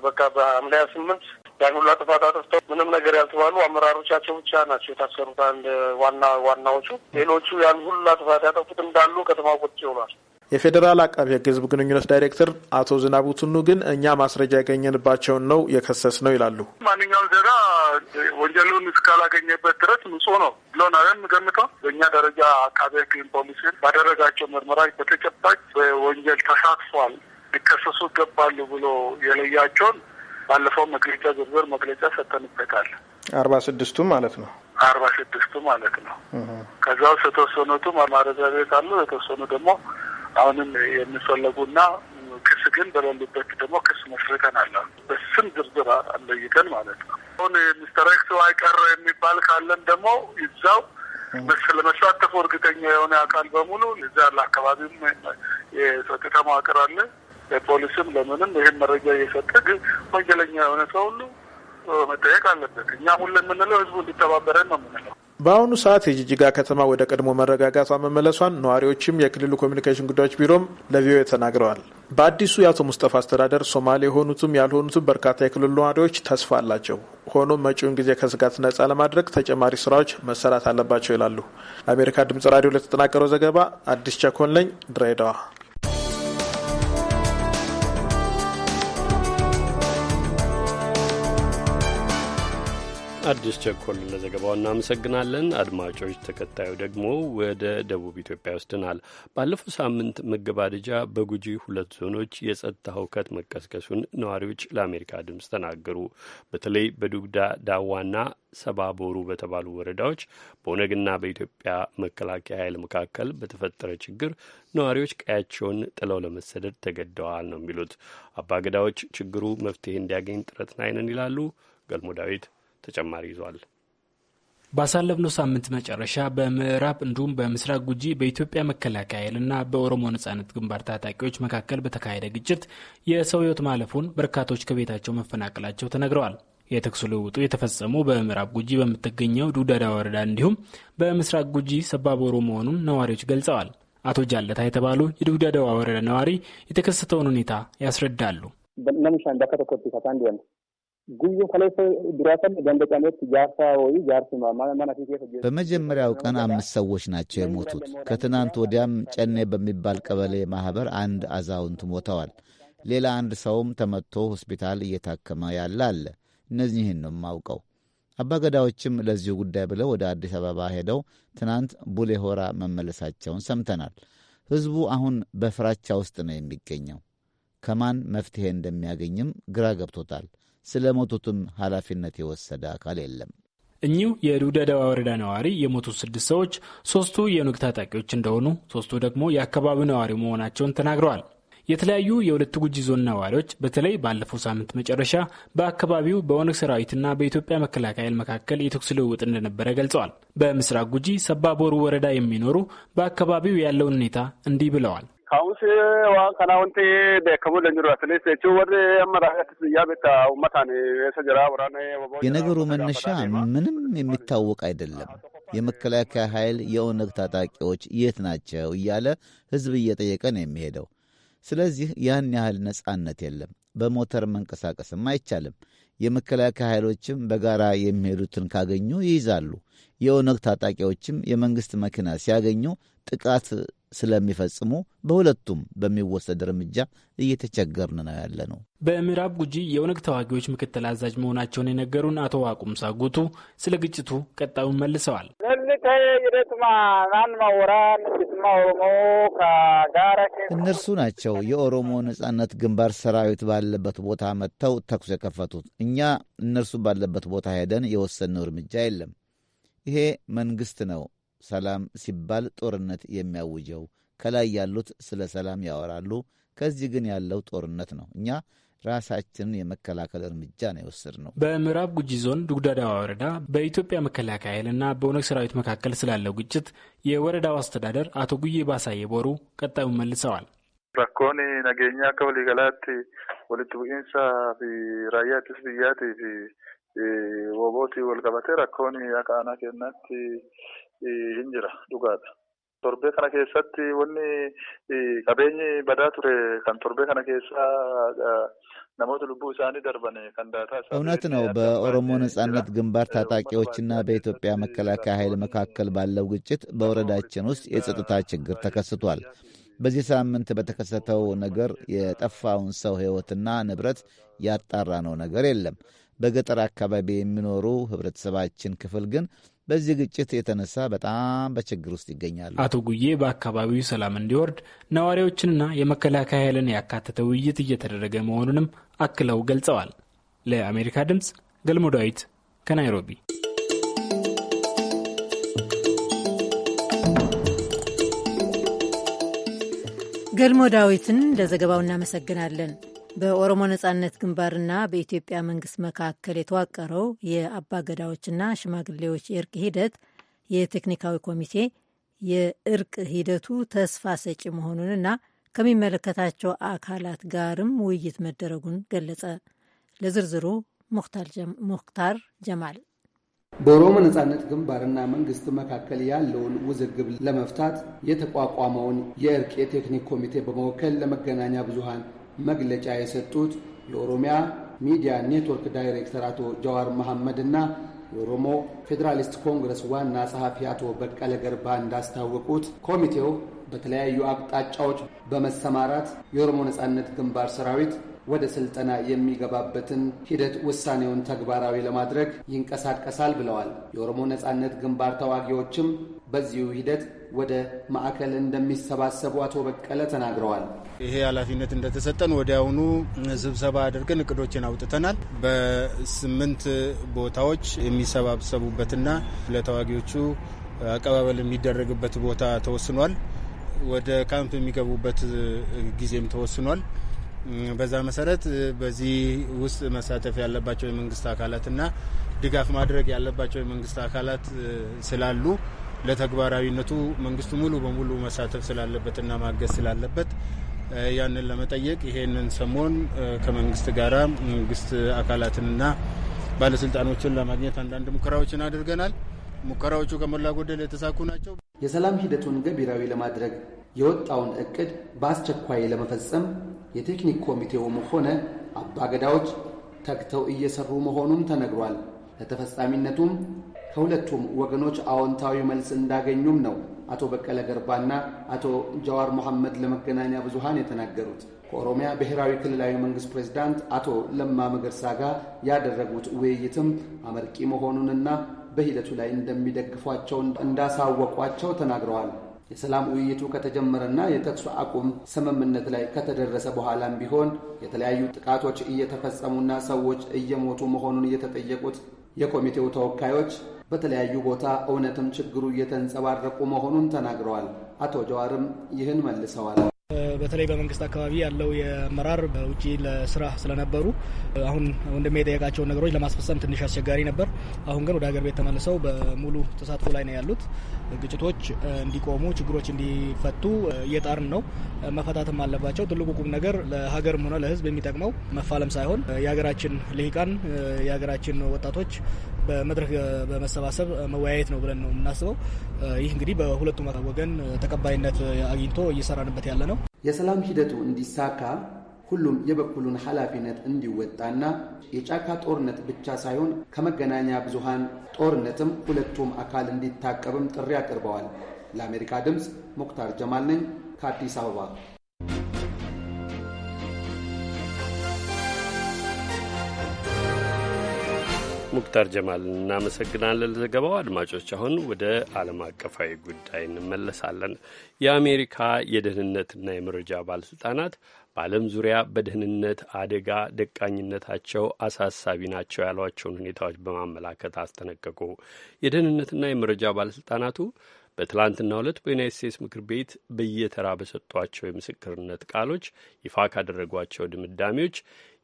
በቃ በሐምሌ ስምንት ያን ሁላ ጥፋት አጥፍተው ምንም ነገር ያልተባሉ አመራሮቻቸው ብቻ ናቸው የታሰሩት። አንድ ዋና ዋናዎቹ ሌሎቹ ያን ሁላ ጥፋት ያጠፉት እንዳሉ ከተማ ቁጭ ብሏል። የፌዴራል አቃቢ ሕግ ህዝብ ግንኙነት ዳይሬክተር አቶ ዝናቡ ቱኑ ግን እኛ ማስረጃ ያገኘንባቸውን ነው የከሰስ ነው ይላሉ። ማንኛውም ዜጋ ወንጀሉን እስካላገኘበት ድረስ ንጹሕ ነው ብሎን አለን ምገምተው በእኛ ደረጃ አቃቢ ሕግ ፖሊስን ባደረጋቸው ምርመራዎች በተጨባጭ በወንጀል ተሳትፏል ሊከሰሱ ይገባሉ ብሎ የለያቸውን ባለፈው መግለጫ ዝርዝር መግለጫ ሰጥተንበታል። አርባ ስድስቱ ማለት ነው አርባ ስድስቱ ማለት ነው። ከዛ ውስጥ የተወሰኑቱ ማረሚያ ቤት አሉ። የተወሰኑ ደግሞ አሁንም የሚፈለጉና ክስ ግን በሌሉበት ደግሞ ክስ መስርተን አለ በስም ዝርዝር አለይተን ማለት ነው። አሁን ሚስተር ኤክስ አይቀር የሚባል ካለን ደግሞ ይዛው ለመሳተፉ እርግጠኛ የሆነ አካል በሙሉ እዛ ለአካባቢውም የጸጥታ መዋቅር አለ ለፖሊስም ለምንም ይህን መረጃ እየሰጠ ግን ወንጀለኛ የሆነ ሰው ሁሉ መጠየቅ አለበት። እኛ ሁሉ የምንለው ህዝቡ እንዲተባበረን ነው የምንለው። በአሁኑ ሰዓት የጅጅጋ ከተማ ወደ ቀድሞ መረጋጋቷ መመለሷን ነዋሪዎችም የክልሉ ኮሚኒኬሽን ጉዳዮች ቢሮም ለቪኦኤ ተናግረዋል። በአዲሱ የአቶ ሙስጠፋ አስተዳደር ሶማሌ የሆኑትም ያልሆኑትም በርካታ የክልሉ ነዋሪዎች ተስፋ አላቸው። ሆኖም መጪውን ጊዜ ከስጋት ነጻ ለማድረግ ተጨማሪ ስራዎች መሰራት አለባቸው ይላሉ። ለአሜሪካ ድምጽ ራዲዮ ለተጠናቀረው ዘገባ አዲስ ቸኮን ለኝ ድሬዳዋ አዲስ ቸኮል ለዘገባው እናመሰግናለን። አድማጮች፣ ተከታዩ ደግሞ ወደ ደቡብ ኢትዮጵያ ይወስድናል። ባለፈው ሳምንት መገባደጃ በጉጂ ሁለት ዞኖች የጸጥታ ሁከት መቀስቀሱን ነዋሪዎች ለአሜሪካ ድምፅ ተናገሩ። በተለይ በዱግዳ ዳዋና ሰባቦሩ በተባሉ ወረዳዎች በኦነግና በኢትዮጵያ መከላከያ ኃይል መካከል በተፈጠረ ችግር ነዋሪዎች ቀያቸውን ጥለው ለመሰደድ ተገደዋል ነው የሚሉት አባገዳዎች። ችግሩ መፍትሄ እንዲያገኝ ጥረት ናይነን ይላሉ። ገልሞ ዳዊት ተጨማሪ ይዟል። ባሳለፍነው ሳምንት መጨረሻ በምዕራብ እንዲሁም በምስራቅ ጉጂ በኢትዮጵያ መከላከያ ኃይልና በኦሮሞ ነጻነት ግንባር ታጣቂዎች መካከል በተካሄደ ግጭት የሰው ሕይወት ማለፉን በርካቶች ከቤታቸው መፈናቀላቸው ተነግረዋል። የተኩስ ልውውጡ የተፈጸመው በምዕራብ ጉጂ በምትገኘው ዱዳዳ ወረዳ እንዲሁም በምስራቅ ጉጂ ሰባቦሮ መሆኑን ነዋሪዎች ገልጸዋል። አቶ ጃለታ የተባሉ የዱዳዳዋ ወረዳ ነዋሪ የተከሰተውን ሁኔታ ያስረዳሉ። ጉዮ ከለሰ ድራሰን ደንበጫነት ጃርሳ ወይ ጃርሱማ በመጀመሪያው ቀን አምስት ሰዎች ናቸው የሞቱት። ከትናንት ወዲያም ጨኔ በሚባል ቀበሌ ማህበር አንድ አዛውንት ሞተዋል። ሌላ አንድ ሰውም ተመትቶ ሆስፒታል እየታከመ ያለ አለ። እነዚህን ነው የማውቀው። አባገዳዎችም ለዚሁ ጉዳይ ብለው ወደ አዲስ አበባ ሄደው ትናንት ቡሌ ሆራ መመለሳቸውን ሰምተናል። ሕዝቡ አሁን በፍራቻ ውስጥ ነው የሚገኘው። ከማን መፍትሔ እንደሚያገኝም ግራ ገብቶታል። ስለ ሞቱትም ኃላፊነት የወሰደ አካል የለም። እኚሁ የዱደዳዋ ወረዳ ነዋሪ የሞቱት ስድስት ሰዎች ሶስቱ የኑግ ታጣቂዎች እንደሆኑ፣ ሶስቱ ደግሞ የአካባቢው ነዋሪ መሆናቸውን ተናግረዋል። የተለያዩ የሁለት ጉጂ ዞን ነዋሪዎች በተለይ ባለፈው ሳምንት መጨረሻ በአካባቢው በኦነግ ሰራዊትና በኢትዮጵያ መከላከያ ኃይል መካከል የተኩስ ልውውጥ እንደነበረ ገልጸዋል። በምስራቅ ጉጂ ሰባቦሩ ወረዳ የሚኖሩ በአካባቢው ያለውን ሁኔታ እንዲህ ብለዋል። waan wanti beekamu jechuun warri amma raayyaatti uummataan waraana የነገሩ መነሻ ምንም የሚታወቅ አይደለም። የመከላከያ ኃይል የኦነግ ታጣቂዎች የት ናቸው እያለ ሕዝብ እየጠየቀ ነው የሚሄደው። ስለዚህ ያን ያህል ነጻነት የለም። በሞተር መንቀሳቀስም አይቻልም። የመከላከያ ኃይሎችም በጋራ የሚሄዱትን ካገኙ ይይዛሉ። የኦነግ ታጣቂዎችም የመንግሥት መኪና ሲያገኙ ጥቃት ስለሚፈጽሙ በሁለቱም በሚወሰድ እርምጃ እየተቸገርን ነው ያለ ነው። በምዕራብ ጉጂ የኦነግ ተዋጊዎች ምክትል አዛዥ መሆናቸውን የነገሩን አቶ ዋቁም ሳጉቱ ስለ ግጭቱ ቀጣዩን መልሰዋል። እነርሱ ናቸው የኦሮሞ ነጻነት ግንባር ሰራዊት ባለበት ቦታ መጥተው ተኩስ የከፈቱት። እኛ እነርሱ ባለበት ቦታ ሄደን የወሰንነው እርምጃ የለም። ይሄ መንግስት ነው ሰላም ሲባል ጦርነት የሚያውጀው ከላይ ያሉት ስለ ሰላም ያወራሉ። ከዚህ ግን ያለው ጦርነት ነው። እኛ ራሳችንን የመከላከል እርምጃ ነው የወሰድ ነው። በምዕራብ ጉጂ ዞን ዱግዳዳዋ ወረዳ በኢትዮጵያ መከላከያ ኃይልና በኦነግ ሰራዊት መካከል ስላለው ግጭት የወረዳው አስተዳደር አቶ ጉዬ ባሳ የቦሩ ቀጣዩን መልሰዋል። ራኮኒ ነገኛ ከወሊገላት ወልት ቡኢንሳ ራያትስ ብያት ወቦት ወልቀበቴ ራኮኒ አቃና ኬናት hin jira dhugaadha. Torbee kana keessatti wanni qabeenyi badaa ture kan torbee kana keessa namoota lubbuu isaanii darban kan daataa isaa እውነት ነው። በኦሮሞ ነጻነት ግንባር ታጣቂዎችና በኢትዮጵያ መከላከያ ኃይል መካከል ባለው ግጭት በወረዳችን ውስጥ የጸጥታ ችግር ተከስቷል። በዚህ ሳምንት በተከሰተው ነገር የጠፋውን ሰው ሕይወትና ንብረት ያጣራ ነው ነገር የለም። በገጠር አካባቢ የሚኖሩ ህብረተሰባችን ክፍል ግን በዚህ ግጭት የተነሳ በጣም በችግር ውስጥ ይገኛሉ። አቶ ጉዬ በአካባቢው ሰላም እንዲወርድ ነዋሪዎችንና የመከላከያ ኃይልን ያካተተ ውይይት እየተደረገ መሆኑንም አክለው ገልጸዋል። ለአሜሪካ ድምፅ ገልሞ ዳዊት ከናይሮቢ። ገልሞ ዳዊትን ለዘገባው እናመሰግናለን። በኦሮሞ ነጻነት ግንባርና በኢትዮጵያ መንግስት መካከል የተዋቀረው የአባገዳዎችና ሽማግሌዎች የእርቅ ሂደት የቴክኒካዊ ኮሚቴ የእርቅ ሂደቱ ተስፋ ሰጪ መሆኑንና ከሚመለከታቸው አካላት ጋርም ውይይት መደረጉን ገለጸ። ለዝርዝሩ ሙክታር ጀማል በኦሮሞ ነጻነት ግንባርና መንግስት መካከል ያለውን ውዝግብ ለመፍታት የተቋቋመውን የእርቅ የቴክኒክ ኮሚቴ በመወከል ለመገናኛ ብዙሃን መግለጫ የሰጡት የኦሮሚያ ሚዲያ ኔትወርክ ዳይሬክተር አቶ ጀዋር መሐመድ እና የኦሮሞ ፌዴራሊስት ኮንግረስ ዋና ጸሐፊ አቶ በቀለ ገርባ እንዳስታወቁት ኮሚቴው በተለያዩ አቅጣጫዎች በመሰማራት የኦሮሞ ነጻነት ግንባር ሰራዊት ወደ ስልጠና የሚገባበትን ሂደት ውሳኔውን ተግባራዊ ለማድረግ ይንቀሳቀሳል ብለዋል። የኦሮሞ ነጻነት ግንባር ተዋጊዎችም በዚሁ ሂደት ወደ ማዕከል እንደሚሰባሰቡ አቶ በቀለ ተናግረዋል። ይሄ ኃላፊነት እንደተሰጠን ወዲያውኑ ስብሰባ አድርገን እቅዶችን አውጥተናል። በስምንት ቦታዎች የሚሰባሰቡበትና ለተዋጊዎቹ አቀባበል የሚደረግበት ቦታ ተወስኗል። ወደ ካምፕ የሚገቡበት ጊዜም ተወስኗል። በዛ መሰረት በዚህ ውስጥ መሳተፍ ያለባቸው የመንግስት አካላትና ድጋፍ ማድረግ ያለባቸው የመንግስት አካላት ስላሉ ለተግባራዊነቱ መንግስቱ ሙሉ በሙሉ መሳተፍ ስላለበትና ማገዝ ስላለበት ያንን ለመጠየቅ ይሄንን ሰሞን ከመንግስት ጋር መንግስት አካላትንና ባለስልጣኖችን ለማግኘት አንዳንድ ሙከራዎችን አድርገናል። ሙከራዎቹ ከሞላ ጎደል የተሳኩ ናቸው። የሰላም ሂደቱን ገቢራዊ ለማድረግ የወጣውን እቅድ በአስቸኳይ ለመፈጸም የቴክኒክ ኮሚቴውም ሆነ አባገዳዎች ተግተው እየሰሩ መሆኑም ተነግሯል። ለተፈጻሚነቱም ከሁለቱም ወገኖች አዎንታዊ መልስ እንዳገኙም ነው አቶ በቀለ ገርባና አቶ ጀዋር መሐመድ ለመገናኛ ብዙሃን የተናገሩት። ከኦሮሚያ ብሔራዊ ክልላዊ መንግስት ፕሬዝዳንት አቶ ለማ መገርሳ ጋር ያደረጉት ውይይትም አመርቂ መሆኑንና በሂደቱ ላይ እንደሚደግፏቸው እንዳሳወቋቸው ተናግረዋል። የሰላም ውይይቱ ከተጀመረና የተኩስ አቁም ስምምነት ላይ ከተደረሰ በኋላም ቢሆን የተለያዩ ጥቃቶች እየተፈጸሙና ሰዎች እየሞቱ መሆኑን የተጠየቁት የኮሚቴው ተወካዮች በተለያዩ ቦታ እውነትም ችግሩ እየተንጸባረቁ መሆኑን ተናግረዋል። አቶ ጀዋርም ይህን መልሰዋል። በተለይ በመንግስት አካባቢ ያለው የአመራር በውጭ ለስራ ስለነበሩ አሁን ወንድሜ የጠየቃቸውን ነገሮች ለማስፈጸም ትንሽ አስቸጋሪ ነበር። አሁን ግን ወደ ሀገር ቤት ተመልሰው በሙሉ ተሳትፎ ላይ ነው ያሉት። ግጭቶች እንዲቆሙ፣ ችግሮች እንዲፈቱ እየጣርን ነው። መፈታትም አለባቸው። ትልቁ ቁም ነገር ለሀገርም ሆነ ለሕዝብ የሚጠቅመው መፋለም ሳይሆን የሀገራችን ልሂቃን የሀገራችን ወጣቶች በመድረክ በመሰባሰብ መወያየት ነው ብለን ነው የምናስበው። ይህ እንግዲህ በሁለቱም ወገን ተቀባይነት አግኝቶ እየሰራንበት ያለ ነው። የሰላም ሂደቱ እንዲሳካ ሁሉም የበኩሉን ኃላፊነት እንዲወጣና የጫካ ጦርነት ብቻ ሳይሆን ከመገናኛ ብዙሃን ጦርነትም ሁለቱም አካል እንዲታቀብም ጥሪ አቅርበዋል። ለአሜሪካ ድምፅ ሙክታር ጀማል ነኝ ከአዲስ አበባ። ሙክታር ጀማል እናመሰግናለን ለዘገባው። አድማጮች አሁን ወደ ዓለም አቀፋዊ ጉዳይ እንመለሳለን። የአሜሪካ የደህንነትና የመረጃ ባለሥልጣናት በዓለም ዙሪያ በደህንነት አደጋ ደቃኝነታቸው አሳሳቢ ናቸው ያሏቸውን ሁኔታዎች በማመላከት አስጠነቀቁ። የደህንነትና የመረጃ ባለሥልጣናቱ በትላንትና ዕለት በዩናይት ስቴትስ ምክር ቤት በየተራ በሰጧቸው የምስክርነት ቃሎች ይፋ ካደረጓቸው ድምዳሜዎች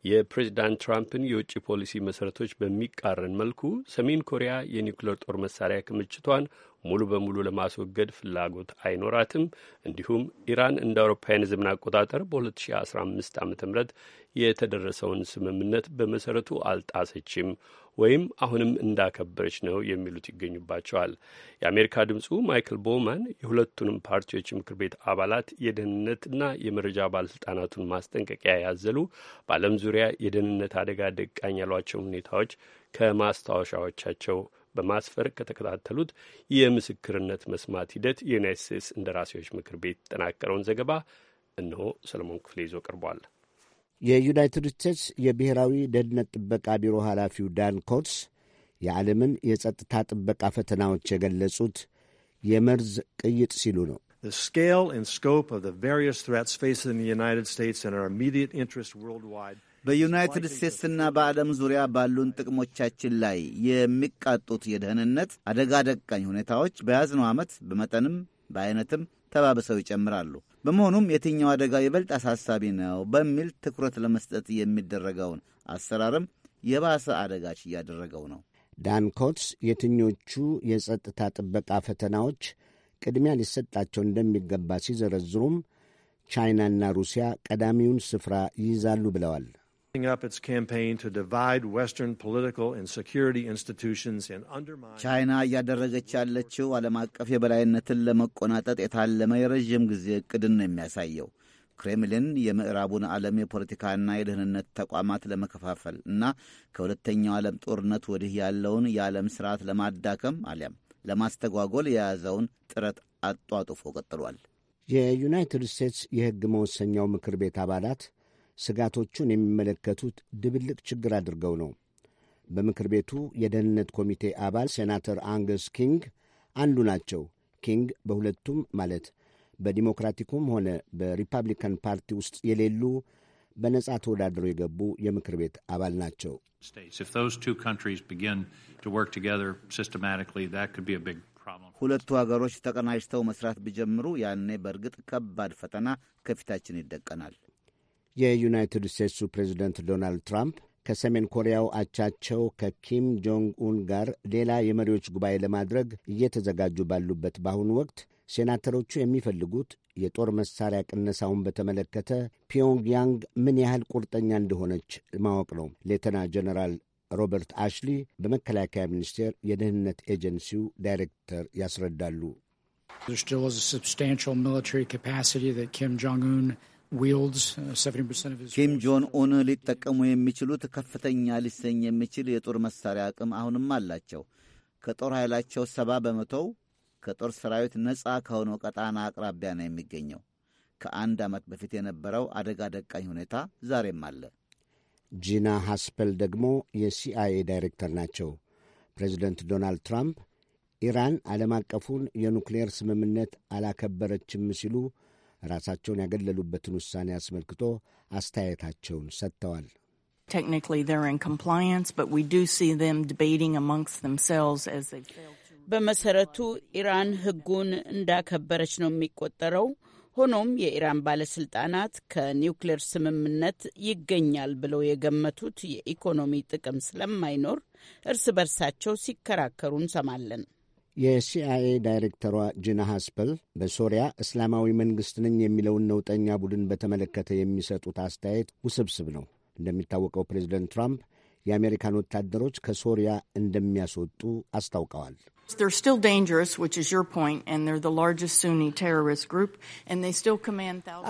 የፕሬዚዳንት ትራምፕን የውጭ ፖሊሲ መሰረቶች በሚቃረን መልኩ ሰሜን ኮሪያ የኒውክሌር ጦር መሳሪያ ክምችቷን ሙሉ በሙሉ ለማስወገድ ፍላጎት አይኖራትም፣ እንዲሁም ኢራን እንደ አውሮፓውያን ዘመን አቆጣጠር በ2015 ዓ ም የተደረሰውን ስምምነት በመሰረቱ አልጣሰችም ወይም አሁንም እንዳከበረች ነው የሚሉት ይገኙባቸዋል። የአሜሪካ ድምፁ ማይክል ቦማን የሁለቱንም ፓርቲዎች ምክር ቤት አባላት የደህንነትና የመረጃ ባለስልጣናቱን ማስጠንቀቂያ ያዘሉ በዓለም ዙሪያ የደህንነት አደጋ ደቃኝ ያሏቸውን ሁኔታዎች ከማስታወሻዎቻቸው በማስፈር ከተከታተሉት የምስክርነት መስማት ሂደት የዩናይት ስቴትስ እንደራሴዎች ምክር ቤት የተጠናቀረውን ዘገባ እነሆ ሰለሞን ክፍሌ ይዞ ቀርቧል። የዩናይትድ ስቴትስ የብሔራዊ ደህንነት ጥበቃ ቢሮ ኃላፊው ዳን ኮትስ የዓለምን የጸጥታ ጥበቃ ፈተናዎች የገለጹት የመርዝ ቅይጥ ሲሉ ነው። በዩናይትድ ስቴትስና በዓለም ዙሪያ ባሉን ጥቅሞቻችን ላይ የሚቃጡት የደህንነት አደጋ ደቃኝ ሁኔታዎች በያዝነው ዓመት በመጠንም በአይነትም ተባብሰው ይጨምራሉ። በመሆኑም የትኛው አደጋ ይበልጥ አሳሳቢ ነው በሚል ትኩረት ለመስጠት የሚደረገውን አሰራርም የባሰ አደጋች እያደረገው ነው። ዳን ኮትስ የትኞቹ የጸጥታ ጥበቃ ፈተናዎች ቅድሚያ ሊሰጣቸው እንደሚገባ ሲዘረዝሩም ቻይናና ሩሲያ ቀዳሚውን ስፍራ ይይዛሉ ብለዋል። ቻይና እያደረገች ያለችው ዓለም አቀፍ የበላይነትን ለመቆናጠጥ የታለመ የረዥም ጊዜ ዕቅድን ነው የሚያሳየው። ክሬምሊን የምዕራቡን ዓለም የፖለቲካና የደህንነት ተቋማት ለመከፋፈል እና ከሁለተኛው ዓለም ጦርነት ወዲህ ያለውን የዓለም ስርዓት ለማዳከም አሊያም ለማስተጓጎል የያዘውን ጥረት አጧጡፎ ቀጥሏል። የዩናይትድ ስቴትስ የሕግ መወሰኛው ምክር ቤት አባላት ስጋቶቹን የሚመለከቱት ድብልቅ ችግር አድርገው ነው። በምክር ቤቱ የደህንነት ኮሚቴ አባል ሴናተር አንገስ ኪንግ አንዱ ናቸው። ኪንግ በሁለቱም ማለት በዲሞክራቲኩም ሆነ በሪፐብሊካን ፓርቲ ውስጥ የሌሉ በነጻ ተወዳድረው የገቡ የምክር ቤት አባል ናቸው። ሁለቱ ሀገሮች ተቀናጅተው መስራት ቢጀምሩ ያኔ በእርግጥ ከባድ ፈተና ከፊታችን ይደቀናል። የዩናይትድ ስቴትሱ ፕሬዚደንት ዶናልድ ትራምፕ ከሰሜን ኮሪያው አቻቸው ከኪም ጆንግ ኡን ጋር ሌላ የመሪዎች ጉባኤ ለማድረግ እየተዘጋጁ ባሉበት በአሁኑ ወቅት ሴናተሮቹ የሚፈልጉት የጦር መሳሪያ ቅነሳውን በተመለከተ ፒዮንግያንግ ምን ያህል ቁርጠኛ እንደሆነች ማወቅ ነው። ሌተና ጀነራል ሮበርት አሽሊ በመከላከያ ሚኒስቴር የደህንነት ኤጀንሲው ዳይሬክተር ያስረዳሉ። ኪም ጆን ኡን ሊጠቀሙ የሚችሉት ከፍተኛ ሊሰኝ የሚችል የጦር መሳሪያ አቅም አሁንም አላቸው። ከጦር ኃይላቸው ሰባ በመቶው ከጦር ሰራዊት ነፃ ከሆነው ቀጣና አቅራቢያ ነው የሚገኘው። ከአንድ ዓመት በፊት የነበረው አደጋ ደቃኝ ሁኔታ ዛሬም አለ። ጂና ሃስፐል ደግሞ የሲአይኤ ዳይሬክተር ናቸው። ፕሬዚደንት ዶናልድ ትራምፕ ኢራን ዓለም አቀፉን የኑክሌየር ስምምነት አላከበረችም ሲሉ ራሳቸውን ያገለሉበትን ውሳኔ አስመልክቶ አስተያየታቸውን ሰጥተዋል። በመሰረቱ ኢራን ሕጉን እንዳከበረች ነው የሚቆጠረው። ሆኖም የኢራን ባለስልጣናት ከኒውክሌር ስምምነት ይገኛል ብለው የገመቱት የኢኮኖሚ ጥቅም ስለማይኖር እርስ በርሳቸው ሲከራከሩ እንሰማለን። የሲአይኤ ዳይሬክተሯ ጂና ሃስፐል በሶሪያ እስላማዊ መንግሥት ነኝ የሚለውን ነውጠኛ ቡድን በተመለከተ የሚሰጡት አስተያየት ውስብስብ ነው። እንደሚታወቀው ፕሬዚደንት ትራምፕ የአሜሪካን ወታደሮች ከሶሪያ እንደሚያስወጡ አስታውቀዋል።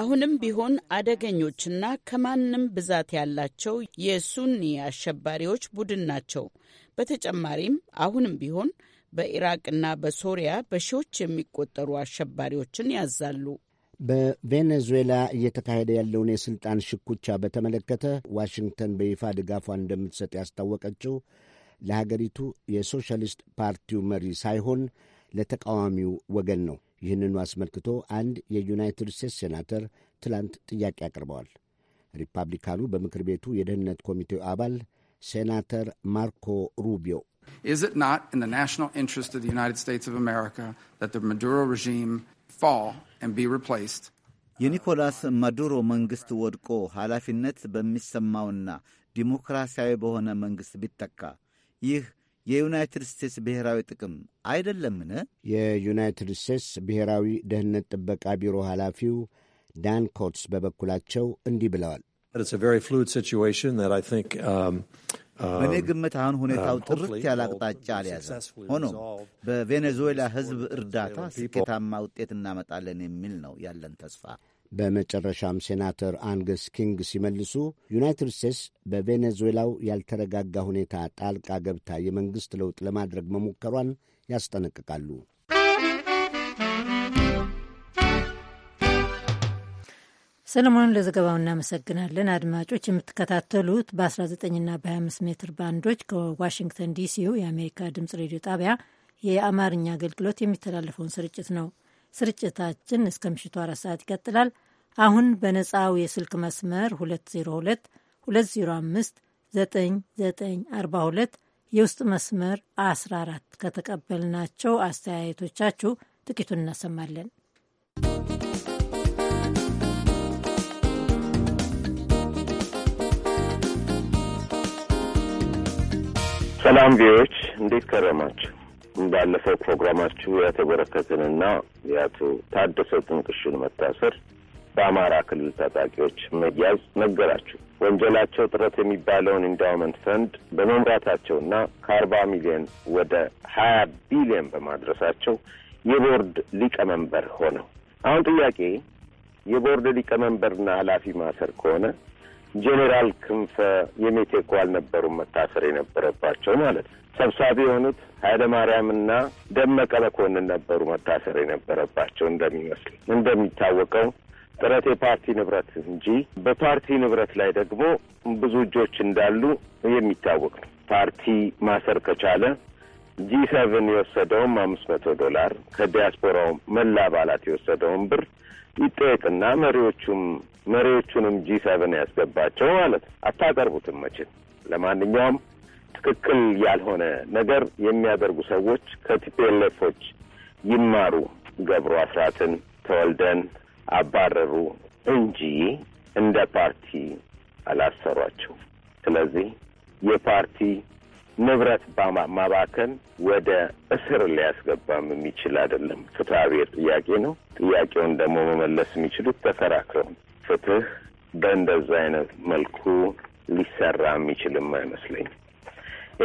አሁንም ቢሆን አደገኞችና ከማንም ብዛት ያላቸው የሱኒ አሸባሪዎች ቡድን ናቸው። በተጨማሪም አሁንም ቢሆን በኢራቅና በሶሪያ በሺዎች የሚቆጠሩ አሸባሪዎችን ያዛሉ። በቬኔዙዌላ እየተካሄደ ያለውን የሥልጣን ሽኩቻ በተመለከተ ዋሽንግተን በይፋ ድጋፏን እንደምትሰጥ ያስታወቀችው ለሀገሪቱ የሶሻሊስት ፓርቲው መሪ ሳይሆን ለተቃዋሚው ወገን ነው። ይህንኑ አስመልክቶ አንድ የዩናይትድ ስቴትስ ሴናተር ትላንት ጥያቄ አቅርበዋል። ሪፐብሊካኑ በምክር ቤቱ የደህንነት ኮሚቴው አባል ሴናተር ማርኮ ሩቢዮ Is it not in the national interest of the United States of America that the Maduro regime fall and be replaced? የኒኮላስ ማዱሮ መንግሥት ወድቆ ኃላፊነት በሚሰማውና ዲሞክራሲያዊ በሆነ መንግሥት ቢተካ ይህ የዩናይትድ ስቴትስ ብሔራዊ ጥቅም አይደለምን? የዩናይትድ ስቴትስ ብሔራዊ ደህንነት ጥበቃ ቢሮ ኃላፊው ዳን ኮትስ በበኩላቸው እንዲህ ብለዋል። Um, um, በእኔ ግምት አሁን ሁኔታው um, ጥርት ያለ አቅጣጫ አልያዘም። ሆኖም በቬኔዙዌላ ሕዝብ እርዳታ ስኬታማ ውጤት እናመጣለን የሚል ነው ያለን ተስፋ። በመጨረሻም ሴናተር አንገስ ኪንግ ሲመልሱ ዩናይትድ ስቴትስ በቬኔዙዌላው ያልተረጋጋ ሁኔታ ጣልቃ ገብታ የመንግሥት ለውጥ ለማድረግ መሞከሯን ያስጠነቅቃሉ። ሰለሞንን ለዘገባው እናመሰግናለን። አድማጮች የምትከታተሉት በ19ና በ25 ሜትር ባንዶች ከዋሽንግተን ዲሲው የአሜሪካ ድምጽ ሬዲዮ ጣቢያ የአማርኛ አገልግሎት የሚተላለፈውን ስርጭት ነው። ስርጭታችን እስከ ምሽቱ አራት ሰዓት ይቀጥላል። አሁን በነፃው የስልክ መስመር 202 205 9942 የውስጥ መስመር 14 ከተቀበልናቸው አስተያየቶቻችሁ ጥቂቱን እናሰማለን። ሰላም ቪዎች እንዴት ከረማችሁ? ባለፈው ፕሮግራማችሁ ያተበረከትንና የአቶ ታደሰ ጥንቅሹን መታሰር በአማራ ክልል ታጣቂዎች መያዝ ነገራችሁ። ወንጀላቸው ጥረት የሚባለውን ኢንዳውመንት ፈንድ በመምራታቸውና ከአርባ ሚሊዮን ወደ ሀያ ቢሊዮን በማድረሳቸው የቦርድ ሊቀመንበር ሆነው አሁን ጥያቄ የቦርድ ሊቀመንበርና ኃላፊ ማሰር ከሆነ ጄኔራል ክንፈ የሜቴኮ አልነበሩም መታሰር የነበረባቸው ማለት ነው። ሰብሳቢ የሆኑት ኃይለ ማርያምና ደመቀ መኮንን ነበሩ መታሰር የነበረባቸው እንደሚመስል እንደሚታወቀው ጥረት የፓርቲ ንብረት እንጂ በፓርቲ ንብረት ላይ ደግሞ ብዙ እጆች እንዳሉ የሚታወቅ ነው። ፓርቲ ማሰር ከቻለ ጂ ሰቨን የወሰደውም አምስት መቶ ዶላር ከዲያስፖራው መላ አባላት የወሰደውን ብር ይጠየቅና መሪዎቹም መሪዎቹንም ጂ ሰብን ያስገባቸው ማለት አታቀርቡትም መቼም ለማንኛውም ትክክል ያልሆነ ነገር የሚያደርጉ ሰዎች ከቲፒኤልኤፎች ይማሩ። ገብሩ አስራትን ተወልደን አባረሩ እንጂ እንደ ፓርቲ አላሰሯቸው። ስለዚህ የፓርቲ ንብረት ማባከን ወደ እስር ሊያስገባም የሚችል አይደለም። ፍትሐ ብሔር ጥያቄ ነው። ጥያቄውን ደግሞ መመለስ የሚችሉት ተከራክረው ፍትህ በእንደዚ አይነት መልኩ ሊሰራ የሚችልም አይመስለኝም።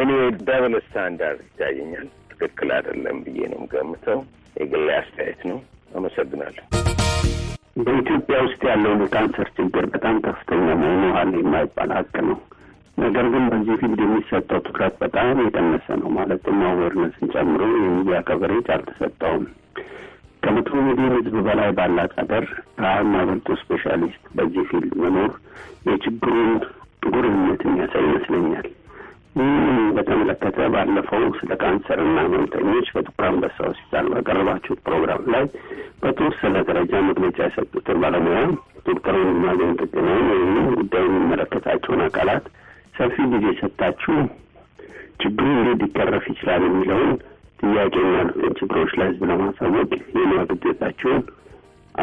እኔ ደብል ስታንዳርድ ይታየኛል። ትክክል አይደለም ብዬ ነው የምገምተው። የግል አስተያየት ነው። አመሰግናለሁ። በኢትዮጵያ ውስጥ ያለው የካንሰር ችግር በጣም ከፍተኛ መሆኑ የማይባል ሀቅ ነው። ነገር ግን በዚህ ፊልድ የሚሰጠው ትኩረት በጣም የቀነሰ ነው። ማለትም አዌርነስን ጨምሮ የሚዲያ ከቨሬጅ አልተሰጠውም። ከመቶ ሚሊዮን ህዝብ በላይ ባላት ሀገር ከአና ብልጡ ስፔሻሊስት በዚህ ፊልድ መኖር የችግሩን ጉርነት የሚያሳይ ይመስለኛል። ይህ በተመለከተ ባለፈው ስለ ካንሰርና ህመምተኞች በጥቁር አንበሳ ሆስፒታል ባቀረባችሁት ፕሮግራም ላይ በተወሰነ ደረጃ መግለጫ የሰጡትን ባለሙያ ዶክተሩን ወንድማገኝ ጥቅነውን ወይም ጉዳዩን የሚመለከታቸውን አካላት ሰፊ ጊዜ ሰጥታችሁ ችግሩ እንዴት ሊቀረፍ ይችላል የሚለውን ጥያቄና ችግሮች ለህዝብ ለማሳወቅ የሙያ ግዴታችሁን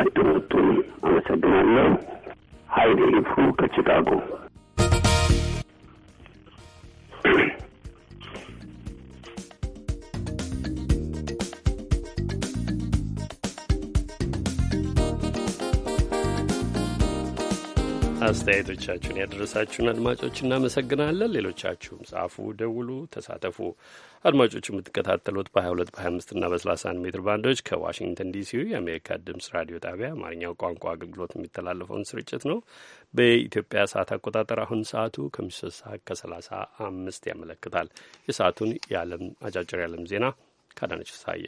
አትወጡም። አመሰግናለሁ። ሀይል ሊፉ ከቺካጎ አስተያየቶቻችሁን ያደረሳችሁን አድማጮች እናመሰግናለን። ሌሎቻችሁም ጻፉ፣ ደውሉ፣ ተሳተፉ። አድማጮች የምትከታተሉት በ22 በ25 እና በ31 ሜትር ባንዶች ከዋሽንግተን ዲሲ የአሜሪካ ድምፅ ራዲዮ ጣቢያ አማርኛው ቋንቋ አገልግሎት የሚተላለፈውን ስርጭት ነው። በኢትዮጵያ ሰዓት አቆጣጠር አሁን ሰዓቱ ከምሽቱ ሰዓት ከ35 ያመለክታል። የሰዓቱን የዓለም አጫጭር የዓለም ዜና ካዳነች ሳየ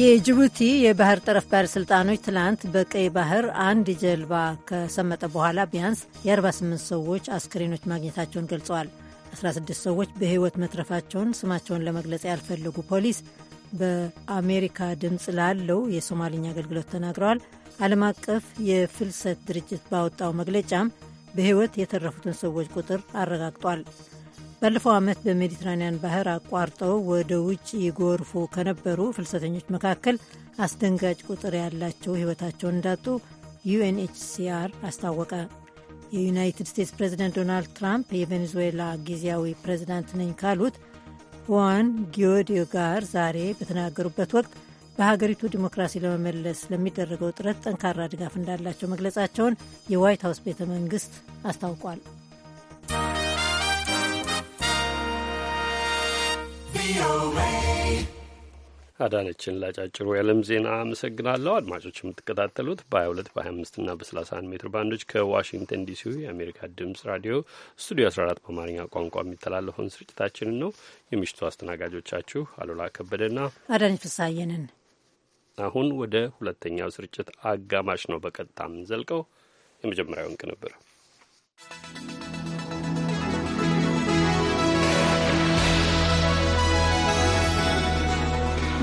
የጅቡቲ የባህር ጠረፍ ባለሥልጣኖች ትላንት በቀይ ባህር አንድ ጀልባ ከሰመጠ በኋላ ቢያንስ የ48 ሰዎች አስክሬኖች ማግኘታቸውን ገልጸዋል። 16 ሰዎች በሕይወት መትረፋቸውን ስማቸውን ለመግለጽ ያልፈለጉ ፖሊስ በአሜሪካ ድምፅ ላለው የሶማልኛ አገልግሎት ተናግረዋል። ዓለም አቀፍ የፍልሰት ድርጅት ባወጣው መግለጫም በሕይወት የተረፉትን ሰዎች ቁጥር አረጋግጧል። ባለፈው ዓመት በሜዲትራኒያን ባህር አቋርጠው ወደ ውጭ ይጎርፉ ከነበሩ ፍልሰተኞች መካከል አስደንጋጭ ቁጥር ያላቸው ሕይወታቸውን እንዳጡ ዩኤንኤችሲአር አስታወቀ። የዩናይትድ ስቴትስ ፕሬዚደንት ዶናልድ ትራምፕ የቬኔዙዌላ ጊዜያዊ ፕሬዚዳንት ነኝ ካሉት ሁዋን ጊዮዲዮ ጋር ዛሬ በተናገሩበት ወቅት በሀገሪቱ ዲሞክራሲ ለመመለስ ለሚደረገው ጥረት ጠንካራ ድጋፍ እንዳላቸው መግለጻቸውን የዋይት ሀውስ ቤተ መንግስት አስታውቋል። አዳነችን ላጫጭሩ የዓለም ዜና አመሰግናለሁ። አድማጮች የምትከታተሉት በ22 በ25 እና በ31 ሜትር ባንዶች ከዋሽንግተን ዲሲው የአሜሪካ ድምፅ ራዲዮ ስቱዲዮ 14 በአማርኛ ቋንቋ የሚተላለፈውን ስርጭታችንን ነው። የምሽቱ አስተናጋጆቻችሁ አሉላ ከበደና አዳነች ፍሳየንን። አሁን ወደ ሁለተኛው ስርጭት አጋማሽ ነው በቀጥታ የምንዘልቀው። የመጀመሪያውን ቅንብር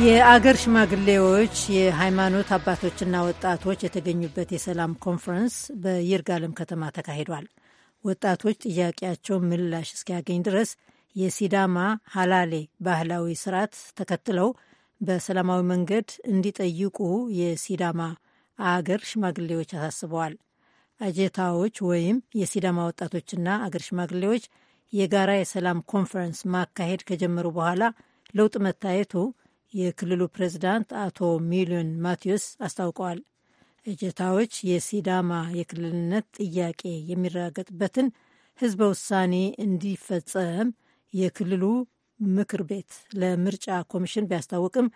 የአገር ሽማግሌዎች የሃይማኖት አባቶችና ወጣቶች የተገኙበት የሰላም ኮንፈረንስ በይርጋለም ከተማ ተካሂዷል። ወጣቶች ጥያቄያቸው ምላሽ እስኪያገኝ ድረስ የሲዳማ ሀላሌ ባህላዊ ስርዓት ተከትለው በሰላማዊ መንገድ እንዲጠይቁ የሲዳማ አገር ሽማግሌዎች አሳስበዋል። አጀታዎች ወይም የሲዳማ ወጣቶችና አገር ሽማግሌዎች የጋራ የሰላም ኮንፈረንስ ማካሄድ ከጀመሩ በኋላ ለውጥ መታየቱ የክልሉ ፕሬዚዳንት አቶ ሚሊዮን ማቴዎስ አስታውቀዋል። እጀታዎች የሲዳማ የክልልነት ጥያቄ የሚረጋገጥበትን ህዝበ ውሳኔ እንዲፈጸም የክልሉ ምክር ቤት ለምርጫ ኮሚሽን ቢያስታውቅም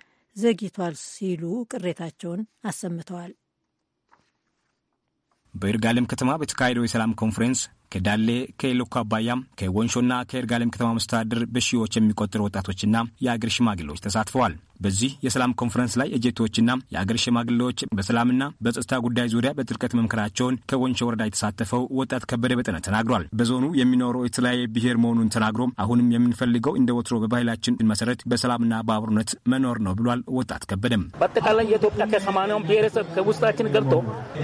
ዘግይቷል ሲሉ ቅሬታቸውን አሰምተዋል። በይርጋለም ከተማ በተካሄደው የሰላም ኮንፈረንስ ከዳሌ ከሌሎኮ አባያ ከወንሾና ከይርጋለም ከተማ መስተዳድር በሺዎች የሚቆጠሩ ወጣቶችና የአገር ሽማግሌዎች ተሳትፈዋል። በዚህ የሰላም ኮንፈረንስ ላይ እጀቶችና የአገር ሽማግሌዎች በሰላምና በጸጥታ ጉዳይ ዙሪያ በጥልቀት መምከራቸውን ከወንሸ ወረዳ የተሳተፈው ወጣት ከበደ በጠነ ተናግሯል። በዞኑ የሚኖረው የተለያየ ብሔር መሆኑን ተናግሮ አሁንም የምንፈልገው እንደ ወትሮ በባህላችን መሰረት በሰላምና በአብሮነት መኖር ነው ብሏል። ወጣት ከበደም በአጠቃላይ የኢትዮጵያ ከሰማንያውን ብሔረሰብ ከውስጣችን ገብቶ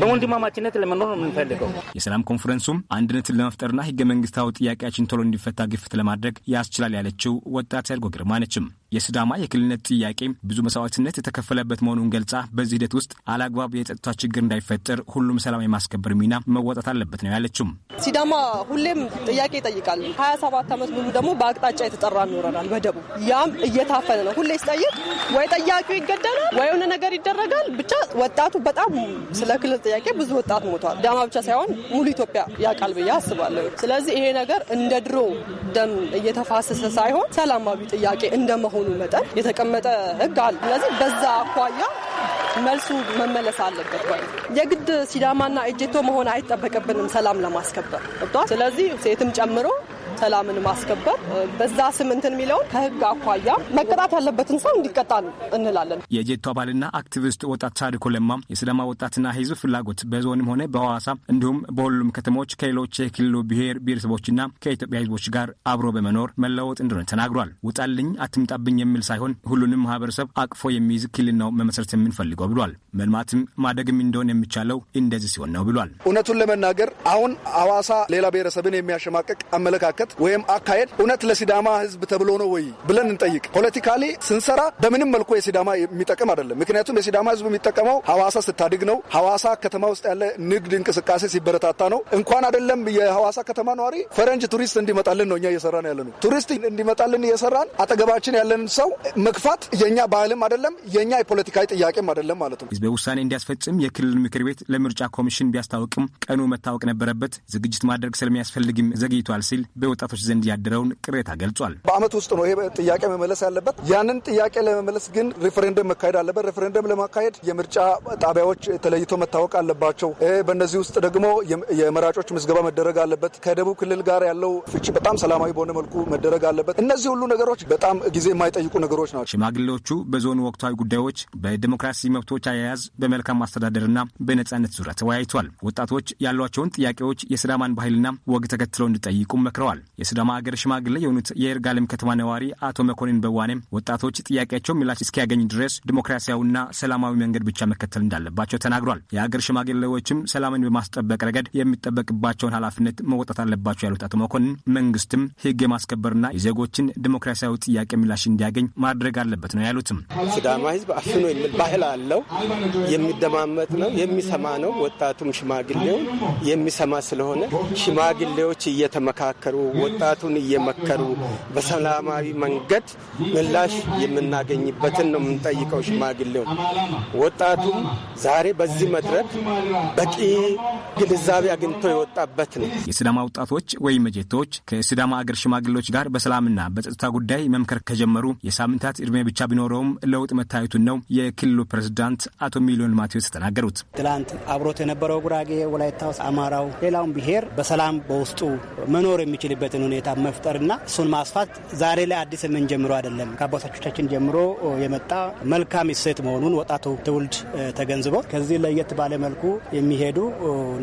በወንድማማችነት ለመኖር ነው የምንፈልገው። የሰላም ኮንፈረንሱም አንድነትን ለመፍጠርና ህገ መንግስታዊ ጥያቄያችን ቶሎ እንዲፈታ ግፊት ለማድረግ ያስችላል ያለችው ወጣት ያድጎ ግርማ ነችም። የስዳማ የክልልነት ጥያቄ ብዙ መስዋዕትነት የተከፈለበት መሆኑን ገልጻ በዚህ ሂደት ውስጥ አላግባብ የጸጥታ ችግር እንዳይፈጠር ሁሉም ሰላም የማስከበር ሚና መወጣት አለበት ነው ያለችው። ሲዳማ ሁሌም ጥያቄ ይጠይቃል። ሀያ ሰባት ዓመት ሙሉ ደግሞ በአቅጣጫ የተጠራ ኖረናል። በደቡብ ያም እየታፈነ ነው። ሁሌ ሲጠይቅ ወይ ጠያቂው ይገደላል ወይ የሆነ ነገር ይደረጋል። ብቻ ወጣቱ በጣም ስለ ክልል ጥያቄ ብዙ ወጣት ሞቷል። ዳማ ብቻ ሳይሆን ሙሉ ኢትዮጵያ ያውቃል ብዬ አስባለሁ። ስለዚህ ይሄ ነገር እንደ ድሮ ደም እየተፋሰሰ ሳይሆን ሰላማዊ ጥያቄ እንደመሆኑ መጠን የተቀመጠ ህግ አለ። ስለዚህ በዛ አኳያ መልሱ መመለስ አለበት ወይ የግድ ሲዳማና እጄቶ መሆን አይጠበቅብንም ሰላም ለማስከበር። ስለዚህ ሴትም ጨምሮ ሰላምን ማስከበር በዛ ስም እንትን የሚለውን ከህግ አኳያ መቀጣት ያለበትን ሰው እንዲቀጣ እንላለን። የጄቶ አባልና አክቲቪስት ወጣት ቻድኮ ለማ የሲዳማ ወጣትና ህዝብ ፍላጎት በዞንም ሆነ በሐዋሳ እንዲሁም በሁሉም ከተሞች ከሌሎች የክልሉ ብሔር ብሔረሰቦችና ከኢትዮጵያ ህዝቦች ጋር አብሮ በመኖር መለወጥ እንደሆነ ተናግሯል። ውጣልኝ አትምጣብኝ የሚል ሳይሆን ሁሉንም ማህበረሰብ አቅፎ የሚይዝ ክልል ነው መመሰረት የምንፈልገው ብሏል። መልማትም ማደግም እንደሆነ የሚቻለው እንደዚህ ሲሆን ነው ብሏል። እውነቱን ለመናገር አሁን ሐዋሳ ሌላ ብሔረሰብን የሚያሸማቀቅ አመለካከት አመለካከት ወይም አካሄድ እውነት ለሲዳማ ህዝብ ተብሎ ነው ወይ ብለን እንጠይቅ። ፖለቲካሊ ስንሰራ በምንም መልኩ የሲዳማ የሚጠቅም አይደለም። ምክንያቱም የሲዳማ ህዝብ የሚጠቀመው ሐዋሳ ስታድግ ነው። ሐዋሳ ከተማ ውስጥ ያለ ንግድ እንቅስቃሴ ሲበረታታ ነው። እንኳን አይደለም የሐዋሳ ከተማ ነዋሪ ፈረንጅ ቱሪስት እንዲመጣልን ነው እኛ እየሰራን ያለ ነው። ቱሪስት እንዲመጣልን እየሰራን አጠገባችን ያለን ሰው መግፋት የእኛ ባህልም አይደለም የእኛ የፖለቲካዊ ጥያቄም አይደለም ማለት ነው። ህዝበ ውሳኔ እንዲያስፈጽም የክልል ምክር ቤት ለምርጫ ኮሚሽን ቢያስታውቅም ቀኑ መታወቅ ነበረበት። ዝግጅት ማድረግ ስለሚያስፈልግም ዘግይቷል ሲል በወጣቶች ዘንድ ያደረውን ቅሬታ ገልጿል። በአመት ውስጥ ነው ይሄ ጥያቄ መመለስ ያለበት። ያንን ጥያቄ ለመመለስ ግን ሪፈረንደም መካሄድ አለበት። ሪፈረንደም ለማካሄድ የምርጫ ጣቢያዎች ተለይቶ መታወቅ አለባቸው። በእነዚህ ውስጥ ደግሞ የመራጮች ምዝገባ መደረግ አለበት። ከደቡብ ክልል ጋር ያለው ፍች በጣም ሰላማዊ በሆነ መልኩ መደረግ አለበት። እነዚህ ሁሉ ነገሮች በጣም ጊዜ የማይጠይቁ ነገሮች ናቸው። ሽማግሌዎቹ በዞኑ ወቅታዊ ጉዳዮች፣ በዲሞክራሲ መብቶች አያያዝ፣ በመልካም አስተዳደርና በነጻነት ዙሪያ ተወያይቷል። ወጣቶች ያሏቸውን ጥያቄዎች የሲዳማን ባህልና ወግ ተከትለው እንዲጠይቁም መክረዋል። ገልጸዋል። የሲዳማ ሀገር ሽማግሌ የሆኑት የይርጋለም ከተማ ነዋሪ አቶ መኮንን በዋኔም ወጣቶች ጥያቄያቸው ምላሽ እስኪያገኝ ድረስ ዲሞክራሲያዊና ሰላማዊ መንገድ ብቻ መከተል እንዳለባቸው ተናግሯል። የሀገር ሽማግሌዎችም ሰላምን በማስጠበቅ ረገድ የሚጠበቅባቸውን ኃላፊነት መወጣት አለባቸው ያሉት አቶ መኮንን መንግስትም ህግ የማስከበርና የዜጎችን ዲሞክራሲያዊ ጥያቄ ምላሽ እንዲያገኝ ማድረግ አለበት ነው ያሉትም። ሲዳማ ህዝብ አፍኖ የሚል ባህል አለው። የሚደማመጥ ነው፣ የሚሰማ ነው። ወጣቱም ሽማግሌውን የሚሰማ ስለሆነ ሽማግሌዎች እየተመካከሩ ወጣቱን እየመከሩ በሰላማዊ መንገድ ምላሽ የምናገኝበትን ነው የምንጠይቀው። ሽማግሌው ወጣቱም ዛሬ በዚህ መድረክ በቂ ግንዛቤ አግኝቶ የወጣበት ነው። የስዳማ ወጣቶች ወይም መጀቶች ከስዳማ አገር ሽማግሌዎች ጋር በሰላምና በጸጥታ ጉዳይ መምከር ከጀመሩ የሳምንታት እድሜ ብቻ ቢኖረውም ለውጥ መታየቱን ነው የክልሉ ፕሬዝዳንት አቶ ሚሊዮን ማቴዎስ ተናገሩት። ትላንት አብሮት የነበረው ጉራጌ፣ ወላይታውስ፣ አማራው፣ ሌላውን ብሄር በሰላም በውስጡ መኖር የሚችል የምንሄድበትን ሁኔታ መፍጠርና እሱን ማስፋት ዛሬ ላይ አዲስ የምንጀምረው አይደለም። ከአባቶቻችን ጀምሮ የመጣ መልካም እሴት መሆኑን ወጣቱ ትውልድ ተገንዝቦ ከዚህ ለየት ባለ መልኩ የሚሄዱ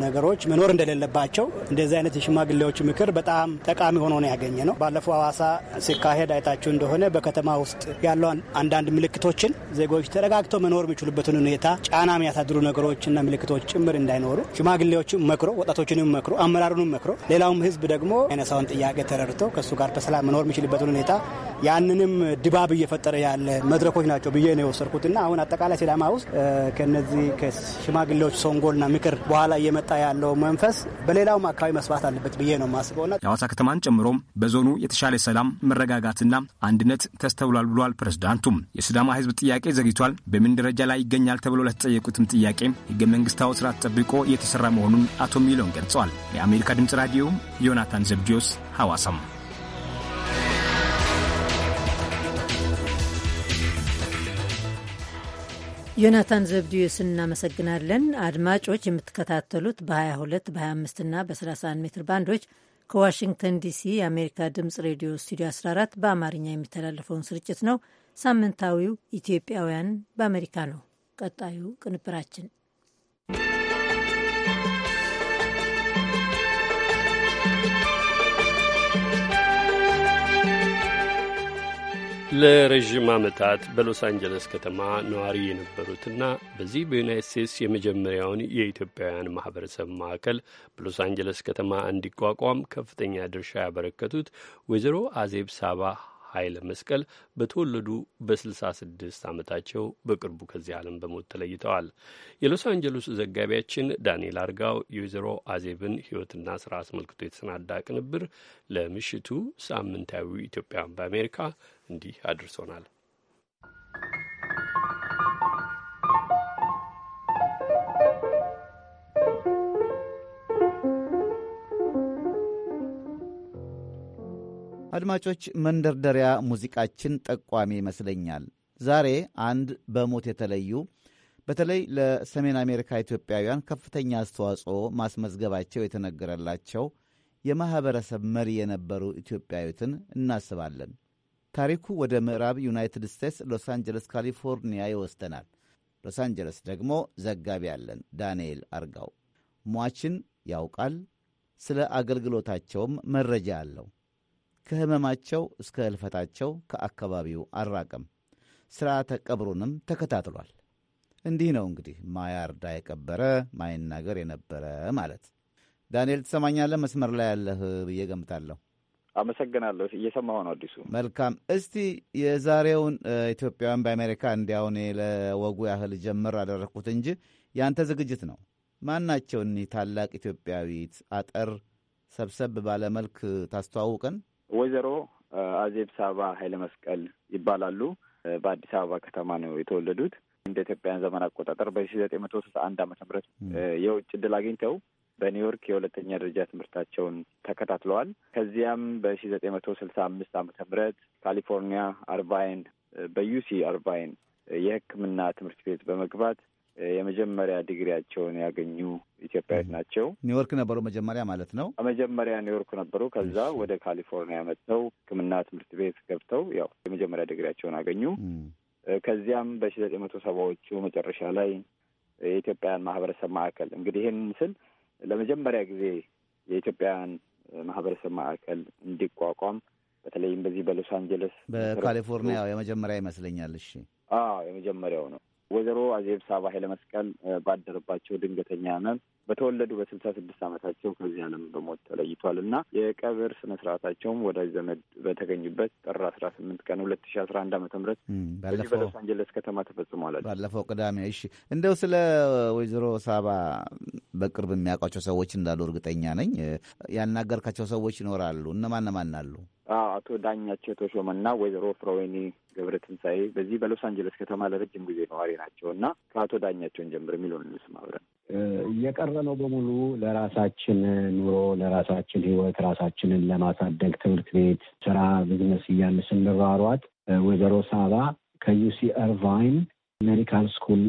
ነገሮች መኖር እንደሌለባቸው እንደዚህ አይነት የሽማግሌዎች ምክር በጣም ጠቃሚ ሆኖ ነው ያገኘ ነው። ባለፈው ሐዋሳ ሲካሄድ አይታችሁ እንደሆነ በከተማ ውስጥ ያለው አንዳንድ ምልክቶችን ዜጎች ተረጋግተው መኖር የሚችሉበትን ሁኔታ ጫና የሚያሳድሩ ነገሮችና ምልክቶች ጭምር እንዳይኖሩ ሽማግሌዎችም መክሮ፣ ወጣቶችንም መክሮ፣ አመራሩንም መክሮ ሌላውም ህዝብ ደግሞ አይነ የአንበሳውን ጥያቄ ተረድቶ ከእሱ ጋር በሰላም መኖር የሚችልበትን ሁኔታ ያንንም ድባብ እየፈጠረ ያለ መድረኮች ናቸው ብዬ ነው የወሰድኩትና አሁን አጠቃላይ ሲዳማ ውስጥ ከነዚህ ከሽማግሌዎች ሶንጎልና ምክር በኋላ እየመጣ ያለው መንፈስ በሌላውም አካባቢ መስፋት አለበት ብዬ ነው ማስበውና የሐዋሳ ከተማን ጨምሮ በዞኑ የተሻለ ሰላም፣ መረጋጋትና አንድነት ተስተውሏል ብሏል ፕሬዝዳንቱም። የሲዳማ ህዝብ ጥያቄ ዘግይቷል፣ በምን ደረጃ ላይ ይገኛል ተብሎ ለተጠየቁትም ጥያቄ ህገ መንግስታዊ ስርዓት ጠብቆ እየተሰራ መሆኑን አቶ ሚሊዮን ገልጸዋል። የአሜሪካ ድምጽ ራዲዮ ዮናታን ዘብዲዮስ ሐዋሳም ዮናታን ዘብድዮስ እናመሰግናለን። አድማጮች የምትከታተሉት በ22 በ25ና በ31 ሜትር ባንዶች ከዋሽንግተን ዲሲ የአሜሪካ ድምፅ ሬዲዮ ስቱዲዮ 14 በአማርኛ የሚተላለፈውን ስርጭት ነው። ሳምንታዊው ኢትዮጵያውያን በአሜሪካ ነው ቀጣዩ ቅንብራችን። ለረዥም ዓመታት በሎስ አንጀለስ ከተማ ነዋሪ የነበሩትና በዚህ በዩናይት ስቴትስ የመጀመሪያውን የኢትዮጵያውያን ማህበረሰብ ማዕከል በሎስ አንጀለስ ከተማ እንዲቋቋም ከፍተኛ ድርሻ ያበረከቱት ወይዘሮ አዜብ ሳባ ኃይለ መስቀል በተወለዱ በ66 ዓመታቸው በቅርቡ ከዚህ ዓለም በሞት ተለይተዋል። የሎስ አንጀለስ ዘጋቢያችን ዳንኤል አርጋው የወይዘሮ አዜብን ሕይወትና ስራ አስመልክቶ የተሰናዳ ቅንብር ለምሽቱ ሳምንታዊ ኢትዮጵያን በአሜሪካ እንዲህ አድርሶናል። አድማጮች፣ መንደርደሪያ ሙዚቃችን ጠቋሚ ይመስለኛል። ዛሬ አንድ በሞት የተለዩ በተለይ ለሰሜን አሜሪካ ኢትዮጵያውያን ከፍተኛ አስተዋጽኦ ማስመዝገባቸው የተነገረላቸው የማኅበረሰብ መሪ የነበሩ ኢትዮጵያዊትን እናስባለን። ታሪኩ ወደ ምዕራብ ዩናይትድ ስቴትስ ሎስ አንጀለስ ካሊፎርኒያ ይወስደናል። ሎስ አንጀለስ ደግሞ ዘጋቢ ያለን ዳንኤል አርጋው ሟችን ያውቃል። ስለ አገልግሎታቸውም መረጃ አለው። ከህመማቸው እስከ ህልፈታቸው ከአካባቢው አልራቀም። ሥርዓተ ቀብሩንም ተከታትሏል። እንዲህ ነው እንግዲህ ማያርዳ የቀበረ ማይናገር የነበረ ማለት። ዳንኤል ትሰማኛለህ? መስመር ላይ ያለህ ብዬ ገምታለሁ። አመሰግናለሁ። እየሰማሁ ነው አዲሱ። መልካም። እስቲ የዛሬውን ኢትዮጵያውያን በአሜሪካ እንዲያውኔ ለወጉ ያህል ጀምር አደረግኩት እንጂ ያንተ ዝግጅት ነው። ማን ናቸው እኒህ ታላቅ ኢትዮጵያዊት? አጠር ሰብሰብ ባለመልክ ታስተዋውቀን። ወይዘሮ አዜብ ሳባ ኃይለ መስቀል ይባላሉ። በአዲስ አበባ ከተማ ነው የተወለዱት። እንደ ኢትዮጵያውያን ዘመን አቆጣጠር በሺ ዘጠኝ መቶ ስልሳ አንድ ዓመተ ምህረት የውጭ እድል አግኝተው በኒውዮርክ የሁለተኛ ደረጃ ትምህርታቸውን ተከታትለዋል። ከዚያም በሺ ዘጠኝ መቶ ስልሳ አምስት ዓመተ ምህረት ካሊፎርኒያ አርባይን በዩሲ አርባይን የሕክምና ትምህርት ቤት በመግባት የመጀመሪያ ዲግሪያቸውን ያገኙ ኢትዮጵያዊት ናቸው። ኒውዮርክ ነበሩ መጀመሪያ ማለት ነው። መጀመሪያ ኒውዮርክ ነበሩ። ከዛ ወደ ካሊፎርኒያ መጥተው ሕክምና ትምህርት ቤት ገብተው ያው የመጀመሪያ ዲግሪያቸውን አገኙ። ከዚያም በሺ ዘጠኝ መቶ ሰባዎቹ መጨረሻ ላይ የኢትዮጵያውያን ማህበረሰብ ማዕከል እንግዲህ ይህን ስል ለመጀመሪያ ጊዜ የኢትዮጵያን ማህበረሰብ ማዕከል እንዲቋቋም በተለይም በዚህ በሎስ አንጀለስ በካሊፎርኒያ የመጀመሪያ ይመስለኛል። እሺ፣ አዎ የመጀመሪያው ነው። ወይዘሮ አዜብ ሳባ ኃይለ ባደረባቸው ድንገተኛ ህመም በተወለዱ በስልሳ ስድስት ዓመታቸው ከዚህ ዓለም በሞት ተለይቷል እና የቀብር ስነ ስርዓታቸውም ወዳጅ ዘመድ በተገኙበት ጥር አስራ ስምንት ቀን ሁለት ሺ አስራ አንድ ዓመተ ምህረት በሎስ አንጀለስ ከተማ ተፈጽሟል። ባለፈው ቅዳሜ። እሺ እንደው ስለ ወይዘሮ ሳባ በቅርብ የሚያውቋቸው ሰዎች እንዳሉ እርግጠኛ ነኝ። ያናገርካቸው ሰዎች ይኖራሉ። እነማን እነማን አሉ? አቶ ዳኛቸው ተሾመና ወይዘሮ ፍሮዌኒ ገብረ ትንሳኤ በዚህ በሎስ አንጀለስ ከተማ ለረጅም ጊዜ ነዋሪ ናቸው እና ከአቶ ዳኛቸውን ጀምር የሚለውን እንስማ አብረን እየቀረ ነው በሙሉ ለራሳችን ኑሮ፣ ለራሳችን ህይወት፣ ራሳችንን ለማሳደግ ትምህርት ቤት፣ ስራ፣ ቢዝነስ እያን ስንሯሯጥ ወይዘሮ ሳባ ከዩሲ እርቫይን ሜዲካል ስኩል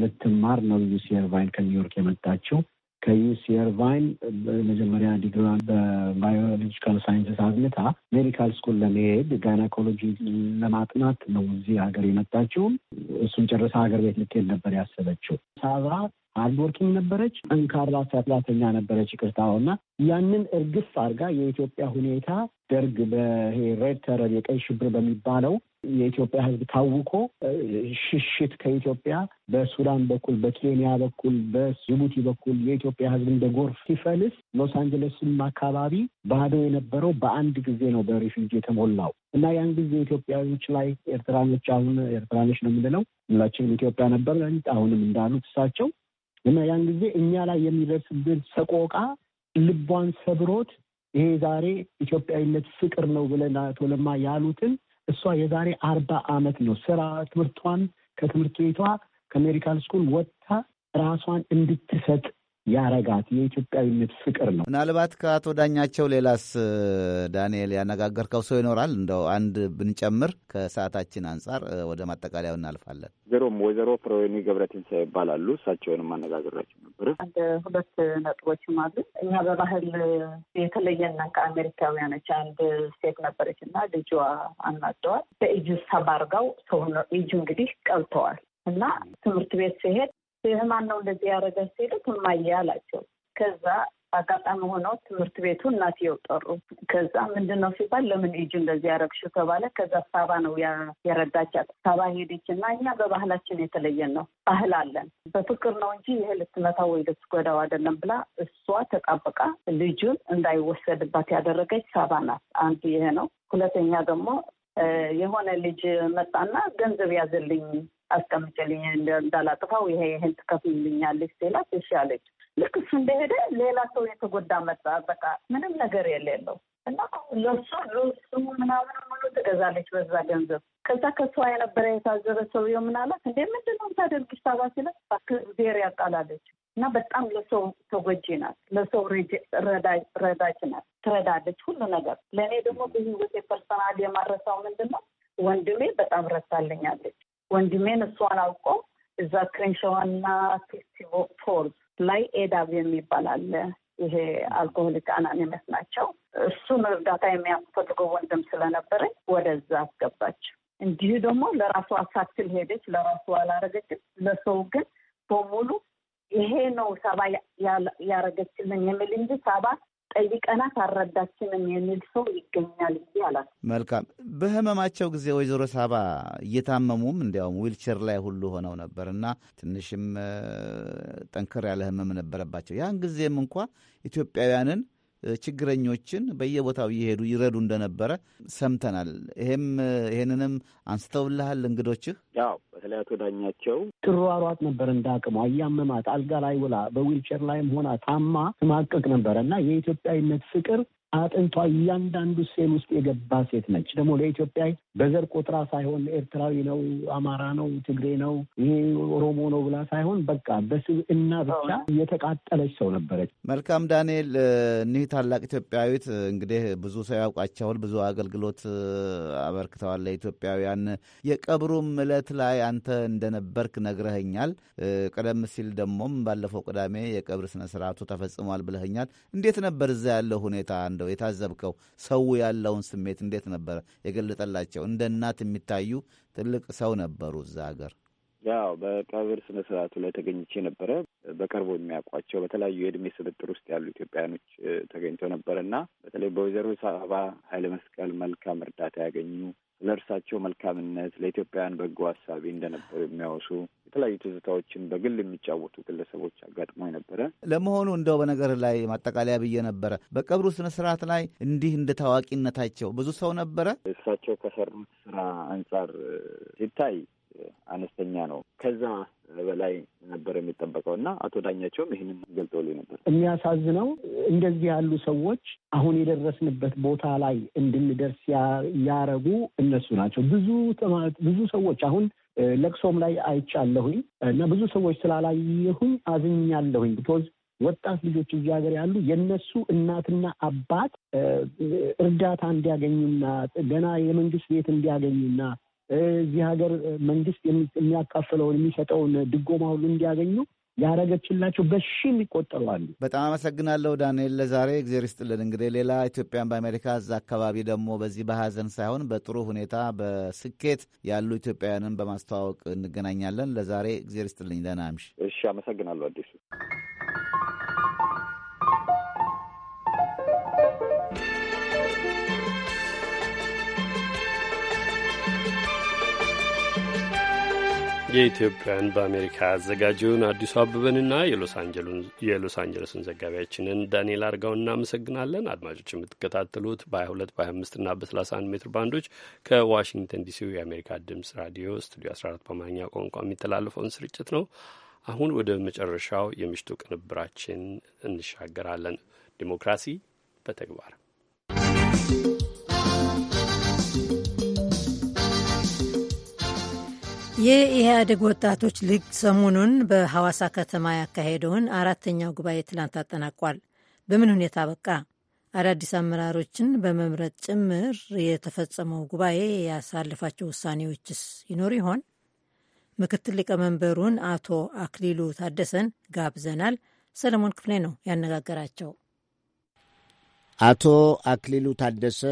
ልትማር ነው። ዩሲ እርቫይን ከኒውዮርክ የመጣችው ከዩሲ እርቫይን በመጀመሪያ ዲግሪዋን በባዮሎጂካል ሳይንስስ አግኝታ ሜዲካል ስኩል ለመሄድ ጋይናኮሎጂ ለማጥናት ነው እዚህ ሀገር የመጣችውም። እሱን ጨርሳ ሀገር ቤት ልትሄድ ነበር ያሰበችው። ሳባ ሃርድ ነበረች፣ ጠንካራ ሰራተኛ ነበረች። ይቅርታ እና ያንን እርግፍ አድርጋ የኢትዮጵያ ሁኔታ ደርግ በሬድ ተረር የቀይ ሽብር በሚባለው የኢትዮጵያ ሕዝብ ታውቆ ሽሽት ከኢትዮጵያ በሱዳን በኩል በኬንያ በኩል በጅቡቲ በኩል የኢትዮጵያ ሕዝብ እንደ ጎርፍ ሲፈልስ ሎስ አንጀለስም አካባቢ ባዶ የነበረው በአንድ ጊዜ ነው በሪፊውጂ የተሞላው እና ያን ጊዜ ኢትዮጵያዎች ላይ ኤርትራኖች አሁን ኤርትራኖች ነው የምንለው ሁላችንም ኢትዮጵያ ነበር አሁንም እንዳሉት እሳቸው እና ያን ጊዜ እኛ ላይ የሚደርስብን ሰቆቃ ልቧን ሰብሮት ይሄ ዛሬ ኢትዮጵያዊነት ፍቅር ነው ብለን አቶ ለማ ያሉትን እሷ የዛሬ አርባ ዓመት ነው ስራ ትምህርቷን ከትምህርት ቤቷ ከሜዲካል ስኩል ወጥታ ራሷን እንድትሰጥ ያረጋት የኢትዮጵያዊነት ፍቅር ነው። ምናልባት ከአቶ ዳኛቸው ሌላስ ዳንኤል ያነጋገርከው ሰው ይኖራል? እንደው አንድ ብንጨምር ከሰዓታችን አንጻር ወደ ማጠቃለያው እናልፋለን። ዘሮም ወይዘሮ ፕሮኒ ገብረትንሳኤ ይባላሉ። እሳቸውንም ማነጋገራቸው ነበር። አንድ ሁለት ነጥቦችም አሉ። እኛ በባህል የተለየና ከአሜሪካውያኖች አንድ ሴት ነበረች እና ልጇ አናደዋል። በእጁ ሰባርጋው ሰው እጁ እንግዲህ ቀብተዋል እና ትምህርት ቤት ሲሄድ ማን ነው እንደዚህ ያደረገ ሲሄዱ እማዬ አላቸው። ከዛ አጋጣሚ ሆነው ትምህርት ቤቱ እናትየው ጠሩ። ከዛ ምንድን ነው ሲባል ለምን እጁ እንደዚህ ያረግሽው ተባለ። ከዛ ሳባ ነው የረዳቻት። ሳባ ሄደች እና እኛ በባህላችን የተለየን ነው ባህል አለን በፍቅር ነው እንጂ ይሄ ልትመታ ወይ ልትጎዳው አይደለም ብላ እሷ ተጣበቃ ልጁን እንዳይወሰድባት ያደረገች ሳባ ናት። አንዱ ይሄ ነው። ሁለተኛ ደግሞ የሆነ ልጅ መጣና ገንዘብ ያዘልኝ አስቀምጭልኝ እንዳላጥፋው ይሄ ይህን ትከፍልልኛለች ሲላት እሺ አለች። ልክ እሱ እንደሄደ ሌላ ሰው የተጎዳ መጣ። በቃ ምንም ነገር የሌለው እና ለሱ ለሱ ምናምን ሙሉ ትገዛለች በዛ ገንዘብ። ከዛ ከሷ የነበረ የታዘበ ሰውዬው ምናላት እንዴ ምንድን ነው የምታደርጊ ሳባ ሲላት እግዜር ያውቃላለች እና በጣም ለሰው ተጎጂ ናት። ለሰው ረዳጅ ናት። ትረዳለች ሁሉ ነገር። ለእኔ ደግሞ በህይወት የፐርሰናል የማረሳው ምንድን ነው ወንድሜ በጣም ረሳለኛለች። ወንድሜን እሷን አውቆ እዛ ክሬንሸዋና ፎርዝ ላይ ኤዳብ የሚባል አለ። ይሄ አልኮሆሊክ አናኒመስ ናቸው። እሱን እርዳታ የሚያስፈልገው ወንድም ስለነበረኝ ወደዛ አስገባች። እንዲሁ ደግሞ ለራሱ ሳትል ሄደች። ለራሱ አላረገችም፣ ለሰው ግን በሙሉ ይሄ ነው ሰባ ያረገችልን የሚል እንጂ ሰባት ጠይቀናት አልረዳችንም የሚል ሰው ይገኛል ብዬ አላት። መልካም በህመማቸው ጊዜ ወይዘሮ ሳባ እየታመሙም እንዲያውም ዊልቸር ላይ ሁሉ ሆነው ነበር እና ትንሽም ጠንከር ያለ ህመም ነበረባቸው። ያን ጊዜም እንኳ ኢትዮጵያውያንን ችግረኞችን በየቦታው እየሄዱ ይረዱ እንደነበረ ሰምተናል። ይሄም ይሄንንም አንስተውልሃል እንግዶችህ? ያው በተለይ አቶ ዳኛቸው ትሯሯጥ ነበር እንደ አቅሟ እያመማት አልጋ ላይ ውላ በዊልቸር ላይም ሆና ታማ ትማቅቅ ነበረ እና የኢትዮጵያዊነት ፍቅር አጥንቷ እያንዳንዱ ሴል ውስጥ የገባ ሴት ነች። ደግሞ ለኢትዮጵያ በዘር ቆጥራ ሳይሆን ኤርትራዊ ነው፣ አማራ ነው፣ ትግሬ ነው፣ ይሄ ኦሮሞ ነው ብላ ሳይሆን በቃ በስብዕና ብቻ የተቃጠለች ሰው ነበረች። መልካም ዳንኤል፣ እኒህ ታላቅ ኢትዮጵያዊት እንግዲህ ብዙ ሰው ያውቃቸዋል፣ ብዙ አገልግሎት አበርክተዋል ለኢትዮጵያውያን። የቀብሩም እለት ላይ አንተ እንደነበርክ ነግረህኛል። ቀደም ሲል ደግሞም ባለፈው ቅዳሜ የቀብር ስነስርዓቱ ተፈጽሟል ብለህኛል። እንዴት ነበር እዛ ያለው ሁኔታ? እንደው የታዘብከው ሰው ያለውን ስሜት እንዴት ነበረ የገለጠላቸው? እንደ እናት የሚታዩ ትልቅ ሰው ነበሩ እዛ ሀገር። ያው በቀብር ስነ ስርዓቱ ላይ ተገኝቼ ነበረ። በቅርቡ የሚያውቋቸው በተለያዩ የእድሜ ስብጥር ውስጥ ያሉ ኢትዮጵያውያኖች ተገኝተው ነበር እና በተለይ በወይዘሮ ሳባ ኃይለ መስቀል መልካም እርዳታ ያገኙ ለእርሳቸው መልካምነት ለኢትዮጵያውያን በጎ ሀሳቢ እንደነበሩ የሚያወሱ የተለያዩ ትዝታዎችን በግል የሚጫወቱ ግለሰቦች አጋጥሞ ነበረ። ለመሆኑ እንደው በነገር ላይ ማጠቃለያ ብዬ ነበረ በቀብሩ ስነ ስርዓት ላይ እንዲህ እንደ ታዋቂነታቸው ብዙ ሰው ነበረ። እርሳቸው ከሰሩት ስራ አንጻር ሲታይ አነስተኛ ነው። ከዛ በላይ ነበር የሚጠበቀው እና አቶ ዳኛቸውም ይህንን ገልጸውልኝ ነበር። የሚያሳዝነው እንደዚህ ያሉ ሰዎች አሁን የደረስንበት ቦታ ላይ እንድንደርስ ያረጉ እነሱ ናቸው። ብዙ ብዙ ሰዎች አሁን ለቅሶም ላይ አይቻለሁኝ እና ብዙ ሰዎች ስላላየሁኝ አዝኛለሁኝ ቢኮዝ ወጣት ልጆች እዚህ ሀገር ያሉ የነሱ እናትና አባት እርዳታ እንዲያገኙና ገና የመንግስት ቤት እንዲያገኙና እዚህ ሀገር መንግስት የሚያካፍለውን የሚሰጠውን ድጎማ ሁሉ እንዲያገኙ ያረገችላቸው በሺ የሚቆጠሩ አሉ። በጣም አመሰግናለሁ ዳንኤል ለዛሬ እግዜር ይስጥልን። እንግዲህ ሌላ ኢትዮጵያን በአሜሪካ እዛ አካባቢ ደግሞ በዚህ በሀዘን ሳይሆን በጥሩ ሁኔታ በስኬት ያሉ ኢትዮጵያውያንን በማስተዋወቅ እንገናኛለን። ለዛሬ እግዜር ይስጥልኝ። ደህና እምሽ። እሺ፣ አመሰግናለሁ አዲሱ የኢትዮጵያን በአሜሪካ አዘጋጅውን አዲሱ አበበንና የሎስ አንጀለስን ዘጋቢያችንን ዳንኤል አርጋው እናመሰግናለን። አድማጮች የምትከታተሉት በ22 25 እና በ31 ሜትር ባንዶች ከዋሽንግተን ዲሲው የአሜሪካ ድምፅ ራዲዮ ስቱዲዮ 14 በአማርኛ ቋንቋ የሚተላለፈውን ስርጭት ነው። አሁን ወደ መጨረሻው የምሽቱ ቅንብራችን እንሻገራለን። ዲሞክራሲ በተግባር የኢህአዴግ ወጣቶች ሊግ ሰሞኑን በሐዋሳ ከተማ ያካሄደውን አራተኛው ጉባኤ ትላንት አጠናቋል። በምን ሁኔታ በቃ አዳዲስ አመራሮችን በመምረጥ ጭምር የተፈጸመው ጉባኤ ያሳለፋቸው ውሳኔዎችስ ይኖሩ ይሆን? ምክትል ሊቀመንበሩን አቶ አክሊሉ ታደሰን ጋብዘናል። ሰለሞን ክፍሌ ነው ያነጋገራቸው። አቶ አክሊሉ ታደሰ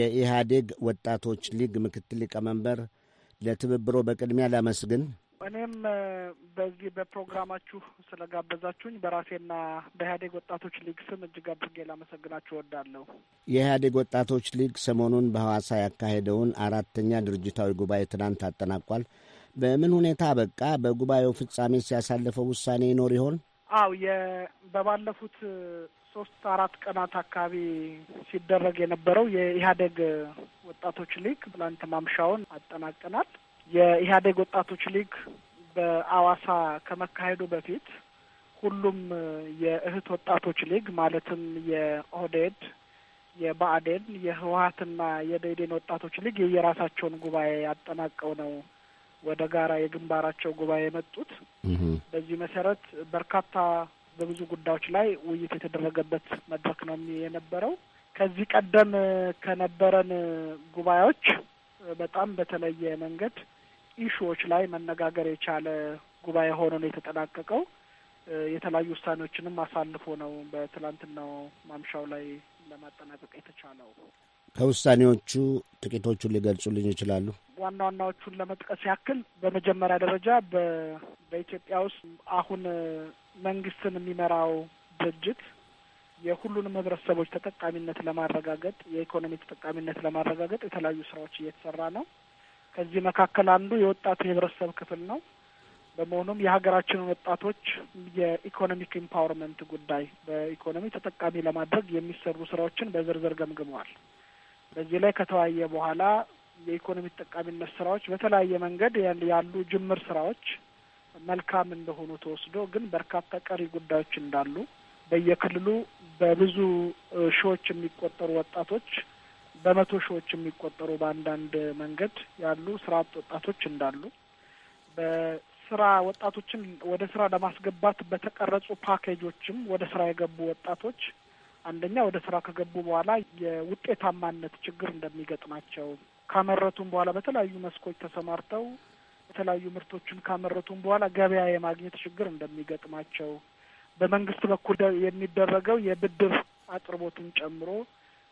የኢህአዴግ ወጣቶች ሊግ ምክትል ሊቀመንበር ለትብብሮ በቅድሚያ ላመስግን። እኔም በዚህ በፕሮግራማችሁ ስለጋበዛችሁኝ በራሴና በኢህአዴግ ወጣቶች ሊግ ስም እጅግ አድርጌ ላመሰግናችሁ እወዳለሁ። የኢህአዴግ ወጣቶች ሊግ ሰሞኑን በሐዋሳ ያካሄደውን አራተኛ ድርጅታዊ ጉባኤ ትናንት አጠናቋል። በምን ሁኔታ በቃ በጉባኤው ፍጻሜ ሲያሳለፈው ውሳኔ ይኖር ይሆን? አው በባለፉት ሶስት አራት ቀናት አካባቢ ሲደረግ የነበረው የኢህአዴግ ወጣቶች ሊግ ትላንት ማምሻውን አጠናቀናል። የኢህአዴግ ወጣቶች ሊግ በአዋሳ ከመካሄዱ በፊት ሁሉም የእህት ወጣቶች ሊግ ማለትም የኦህዴድ፣ የባአዴን የህወሀትና የደኢህዴን ወጣቶች ሊግ የየራሳቸውን ጉባኤ ያጠናቀው ነው ወደ ጋራ የግንባራቸው ጉባኤ የመጡት። በዚህ መሰረት በርካታ በብዙ ጉዳዮች ላይ ውይይት የተደረገበት መድረክ ነው የነበረው። ከዚህ ቀደም ከነበረን ጉባኤዎች በጣም በተለየ መንገድ ኢሹዎች ላይ መነጋገር የቻለ ጉባኤ ሆኖ ነው የተጠናቀቀው። የተለያዩ ውሳኔዎችንም አሳልፎ ነው በትላንትናው ማምሻው ላይ ለማጠናቀቅ የተቻለው። ከውሳኔዎቹ ጥቂቶቹን ሊገልጹልኝ ይችላሉ? ዋና ዋናዎቹን ለመጥቀስ ያክል በመጀመሪያ ደረጃ በኢትዮጵያ ውስጥ አሁን መንግስትን የሚመራው ድርጅት የሁሉንም ህብረተሰቦች ተጠቃሚነት ለማረጋገጥ የኢኮኖሚ ተጠቃሚነት ለማረጋገጥ የተለያዩ ስራዎች እየተሰራ ነው። ከዚህ መካከል አንዱ የወጣቱ የህብረተሰብ ክፍል ነው። በመሆኑም የሀገራችንን ወጣቶች የኢኮኖሚክ ኢምፓወርመንት ጉዳይ በኢኮኖሚ ተጠቃሚ ለማድረግ የሚሰሩ ስራዎችን በዝርዝር ገምግመዋል። በዚህ ላይ ከተወያየ በኋላ የኢኮኖሚ ተጠቃሚነት ስራዎች በተለያየ መንገድ ያሉ ጅምር ስራዎች መልካም እንደሆኑ ተወስዶ ግን በርካታ ቀሪ ጉዳዮች እንዳሉ በየክልሉ በብዙ ሺዎች የሚቆጠሩ ወጣቶች በመቶ ሺዎች የሚቆጠሩ በአንዳንድ መንገድ ያሉ ስራ አጥ ወጣቶች እንዳሉ በስራ ወጣቶችን ወደ ስራ ለማስገባት በተቀረጹ ፓኬጆችም ወደ ስራ የገቡ ወጣቶች አንደኛ ወደ ስራ ከገቡ በኋላ የውጤታማነት ችግር እንደሚገጥማቸው ካመረቱም በኋላ በተለያዩ መስኮች ተሰማርተው የተለያዩ ምርቶችን ካመረቱም በኋላ ገበያ የማግኘት ችግር እንደሚገጥማቸው በመንግስት በኩል የሚደረገው የብድር አቅርቦትን ጨምሮ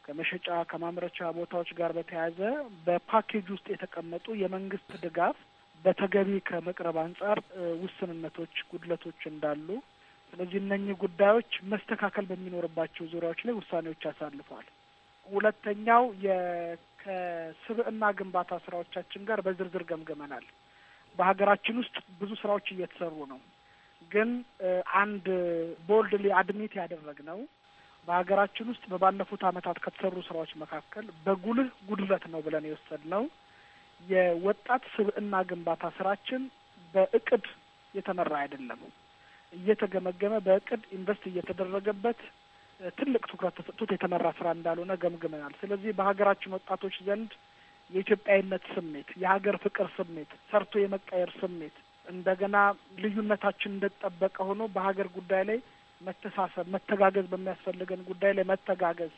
ከመሸጫ ከማምረቻ ቦታዎች ጋር በተያያዘ በፓኬጅ ውስጥ የተቀመጡ የመንግስት ድጋፍ በተገቢ ከመቅረብ አንጻር ውስንነቶች፣ ጉድለቶች እንዳሉ ስለዚህ እነኚህ ጉዳዮች መስተካከል በሚኖርባቸው ዙሪያዎች ላይ ውሳኔዎች አሳልፈዋል። ሁለተኛው ከስብዕና ግንባታ ስራዎቻችን ጋር በዝርዝር ገምግመናል። በሀገራችን ውስጥ ብዙ ስራዎች እየተሰሩ ነው። ግን አንድ ቦልድሊ አድሚት ያደረግነው በሀገራችን ውስጥ በባለፉት አመታት ከተሰሩ ስራዎች መካከል በጉልህ ጉድለት ነው ብለን የወሰድነው የወጣት ስብዕና ግንባታ ስራችን በእቅድ የተመራ አይደለም። እየተገመገመ በእቅድ ኢንቨስት እየተደረገበት ትልቅ ትኩረት ተሰጥቶት የተመራ ስራ እንዳልሆነ ገምግመናል። ስለዚህ በሀገራችን ወጣቶች ዘንድ የኢትዮጵያዊነት ስሜት፣ የሀገር ፍቅር ስሜት፣ ሰርቶ የመቀየር ስሜት እንደገና ልዩነታችን እንደተጠበቀ ሆኖ በሀገር ጉዳይ ላይ መተሳሰብ፣ መተጋገዝ በሚያስፈልገን ጉዳይ ላይ መተጋገዝ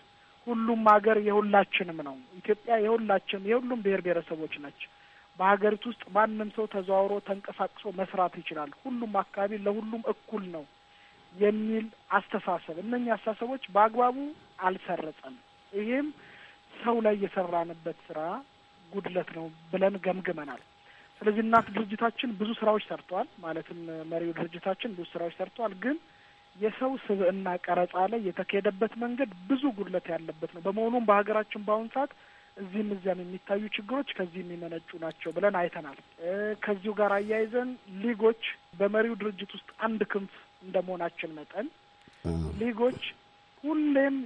ሁሉም ሀገር የሁላችንም ነው። ኢትዮጵያ የሁላችንም የሁሉም ብሔር ብሔረሰቦች ናቸው። በሀገሪቱ ውስጥ ማንም ሰው ተዘዋውሮ ተንቀሳቅሶ መስራት ይችላል፣ ሁሉም አካባቢ ለሁሉም እኩል ነው የሚል አስተሳሰብ እነኚህ አስተሳሰቦች በአግባቡ አልሰረጸም። ይህም ሰው ላይ የሰራንበት ስራ ጉድለት ነው ብለን ገምግመናል። ስለዚህ እናት ድርጅታችን ብዙ ስራዎች ሰርተዋል፣ ማለትም መሪው ድርጅታችን ብዙ ስራዎች ሰርተዋል። ግን የሰው ስብዕና ቀረጻ ላይ የተካሄደበት መንገድ ብዙ ጉድለት ያለበት ነው። በመሆኑም በሀገራችን በአሁኑ ሰዓት እዚህም እዚያም የሚታዩ ችግሮች ከዚህ የሚመነጩ ናቸው ብለን አይተናል። ከዚሁ ጋር አያይዘን ሊጎች በመሪው ድርጅት ውስጥ አንድ ክንፍ እንደመሆናችን መጠን ሊጎች ሁሌም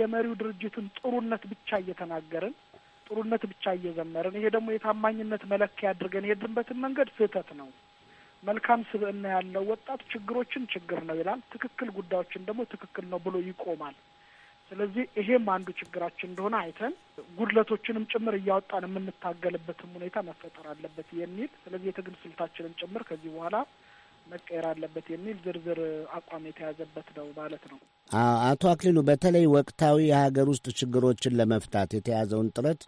የመሪው ድርጅትን ጥሩነት ብቻ እየተናገርን ጥሩነት ብቻ እየዘመርን ይሄ ደግሞ የታማኝነት መለኪያ አድርገን የሄድንበትን መንገድ ስህተት ነው። መልካም ስብዕና ያለው ወጣት ችግሮችን ችግር ነው ይላል፣ ትክክል ጉዳዮችን ደግሞ ትክክል ነው ብሎ ይቆማል። ስለዚህ ይሄም አንዱ ችግራችን እንደሆነ አይተን ጉድለቶችንም ጭምር እያወጣን የምንታገልበትም ሁኔታ መፈጠር አለበት የሚል ስለዚህ የትግል ስልታችንም ጭምር ከዚህ በኋላ መቀየር አለበት የሚል ዝርዝር አቋም የተያዘበት ነው ማለት ነው። አቶ አክሊሉ በተለይ ወቅታዊ የሀገር ውስጥ ችግሮችን ለመፍታት የተያዘውን ጥረት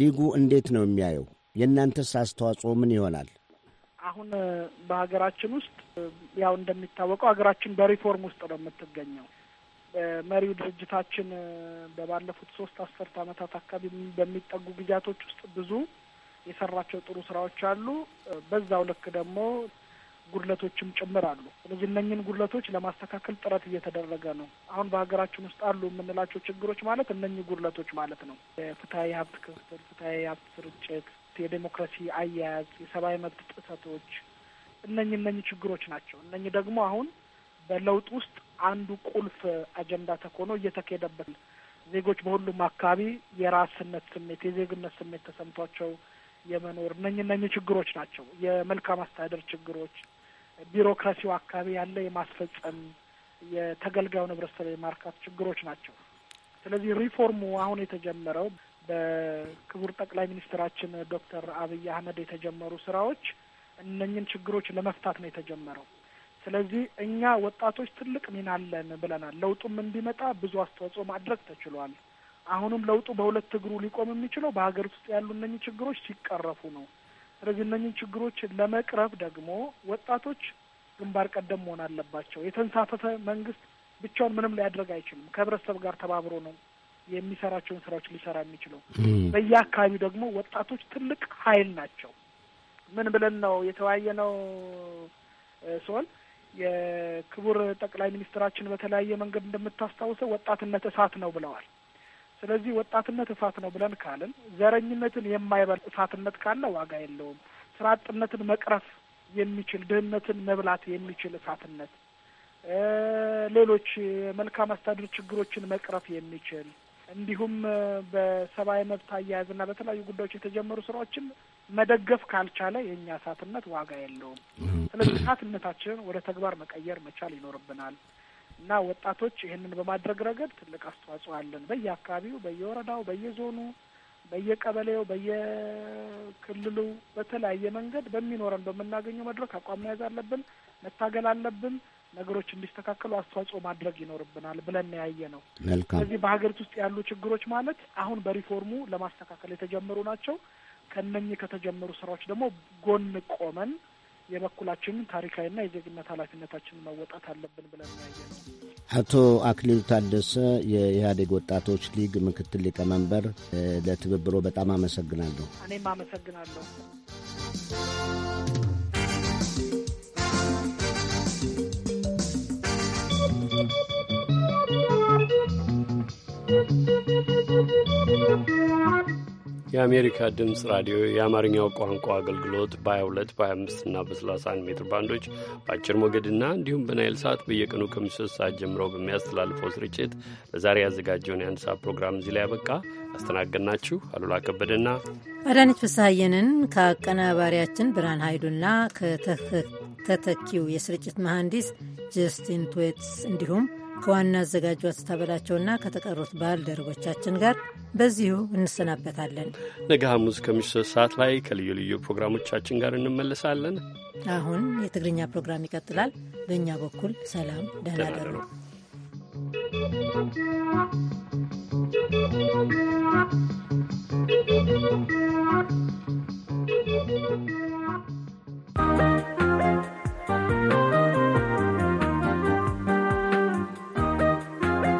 ሊጉ እንዴት ነው የሚያየው? የእናንተስ አስተዋጽኦ ምን ይሆናል? አሁን በሀገራችን ውስጥ ያው እንደሚታወቀው ሀገራችን በሪፎርም ውስጥ ነው የምትገኘው። መሪው ድርጅታችን በባለፉት ሶስት አስርት ዓመታት አካባቢ በሚጠጉ ጊዜያቶች ውስጥ ብዙ የሰራቸው ጥሩ ስራዎች አሉ። በዛው ልክ ደግሞ ጉድለቶችም ጭምር አሉ። ስለዚህ እነኝን ጉድለቶች ለማስተካከል ጥረት እየተደረገ ነው። አሁን በሀገራችን ውስጥ አሉ የምንላቸው ችግሮች ማለት እነኚህ ጉድለቶች ማለት ነው። የፍትሀዊ ሀብት ክፍፍል፣ ፍትሀዊ ሀብት ስርጭት፣ የዴሞክራሲ አያያዝ፣ የሰብአዊ መብት ጥሰቶች እነኝ እነኚህ ችግሮች ናቸው። እነኝህ ደግሞ አሁን በለውጥ ውስጥ አንዱ ቁልፍ አጀንዳ ተኮኖ እየተካሄደበት ዜጎች በሁሉም አካባቢ የራስነት ስሜት የዜግነት ስሜት ተሰምቷቸው የመኖር እነኝ እነኝ ችግሮች ናቸው። የመልካም አስተዳደር ችግሮች፣ ቢሮክራሲው አካባቢ ያለ የማስፈጸም የተገልጋዩ ህብረተሰብ የማርካት ችግሮች ናቸው። ስለዚህ ሪፎርሙ አሁን የተጀመረው በክቡር ጠቅላይ ሚኒስትራችን ዶክተር አብይ አህመድ የተጀመሩ ስራዎች እነኝን ችግሮች ለመፍታት ነው የተጀመረው። ስለዚህ እኛ ወጣቶች ትልቅ ሚና አለን ብለናል። ለውጡም እንዲመጣ ብዙ አስተዋጽኦ ማድረግ ተችሏል። አሁንም ለውጡ በሁለት እግሩ ሊቆም የሚችለው በሀገር ውስጥ ያሉ እነኚህ ችግሮች ሲቀረፉ ነው። ስለዚህ እነኚህን ችግሮች ለመቅረፍ ደግሞ ወጣቶች ግንባር ቀደም መሆን አለባቸው። የተንሳፈፈ መንግስት ብቻውን ምንም ሊያደርግ አይችልም። ከህብረተሰብ ጋር ተባብሮ ነው የሚሰራቸውን ስራዎች ሊሰራ የሚችለው። በየአካባቢው ደግሞ ወጣቶች ትልቅ ኃይል ናቸው። ምን ብለን ነው የተወያየ ነው ሲሆን የክቡር ጠቅላይ ሚኒስትራችን በተለያየ መንገድ እንደምታስታውሰው ወጣትነት እሳት ነው ብለዋል። ስለዚህ ወጣትነት እሳት ነው ብለን ካልን ዘረኝነትን የማይበል እሳትነት ካለ ዋጋ የለውም። ስራ አጥነትን መቅረፍ የሚችል ድህነትን መብላት የሚችል እሳትነት፣ ሌሎች መልካም አስተዳደር ችግሮችን መቅረፍ የሚችል እንዲሁም በሰብአዊ መብት አያያዝና በተለያዩ ጉዳዮች የተጀመሩ ስራዎችን መደገፍ ካልቻለ የእኛ እሳትነት ዋጋ የለውም። ስለዚህ እሳትነታችንን ወደ ተግባር መቀየር መቻል ይኖርብናል እና ወጣቶች ይህንን በማድረግ ረገድ ትልቅ አስተዋጽኦ አለን። በየአካባቢው፣ በየወረዳው፣ በየዞኑ፣ በየቀበሌው፣ በየክልሉ በተለያየ መንገድ በሚኖረን በምናገኘው መድረክ አቋም መያዝ አለብን፣ መታገል አለብን። ነገሮች እንዲስተካከሉ አስተዋጽኦ ማድረግ ይኖርብናል ብለን ያየ ነው። ስለዚህ በሀገሪቱ ውስጥ ያሉ ችግሮች ማለት አሁን በሪፎርሙ ለማስተካከል የተጀመሩ ናቸው። ከነኚህ ከተጀመሩ ስራዎች ደግሞ ጎን ቆመን የበኩላችንን ታሪካዊና የዜግነት ኃላፊነታችንን መወጣት አለብን ብለን ያየ ነው። አቶ አክሊሉ ታደሰ የኢህአዴግ ወጣቶች ሊግ ምክትል ሊቀመንበር፣ ለትብብሮ በጣም አመሰግናለሁ። እኔም አመሰግናለሁ። የአሜሪካ ድምፅ ራዲዮ የአማርኛው ቋንቋ አገልግሎት በ22 በ25 እና በ31 ሜትር ባንዶች በአጭር ሞገድና እንዲሁም በናይል ሰዓት በየቀኑ ከምሽት ሰዓት ጀምሮ በሚያስተላልፈው ስርጭት ለዛሬ ያዘጋጀውን የአንድ ሰዓት ፕሮግራም እዚህ ላይ ያበቃ። አስተናገድናችሁ አሉላ ከበደና አዳነች ፍስሐየንን ከአቀናባሪያችን ብርሃን ኃይሉና ከተተኪው የስርጭት መሐንዲስ ጀስቲን ትዌትስ እንዲሁም ከዋና አዘጋጁ ስታበላቸውና ከተቀሩት ባልደረቦቻችን ጋር በዚሁ እንሰናበታለን። ነገ ሐሙስ ከምሽቱ ሰዓት ላይ ከልዩ ልዩ ፕሮግራሞቻችን ጋር እንመለሳለን። አሁን የትግርኛ ፕሮግራም ይቀጥላል። በእኛ በኩል ሰላም፣ ደህና ደሩ።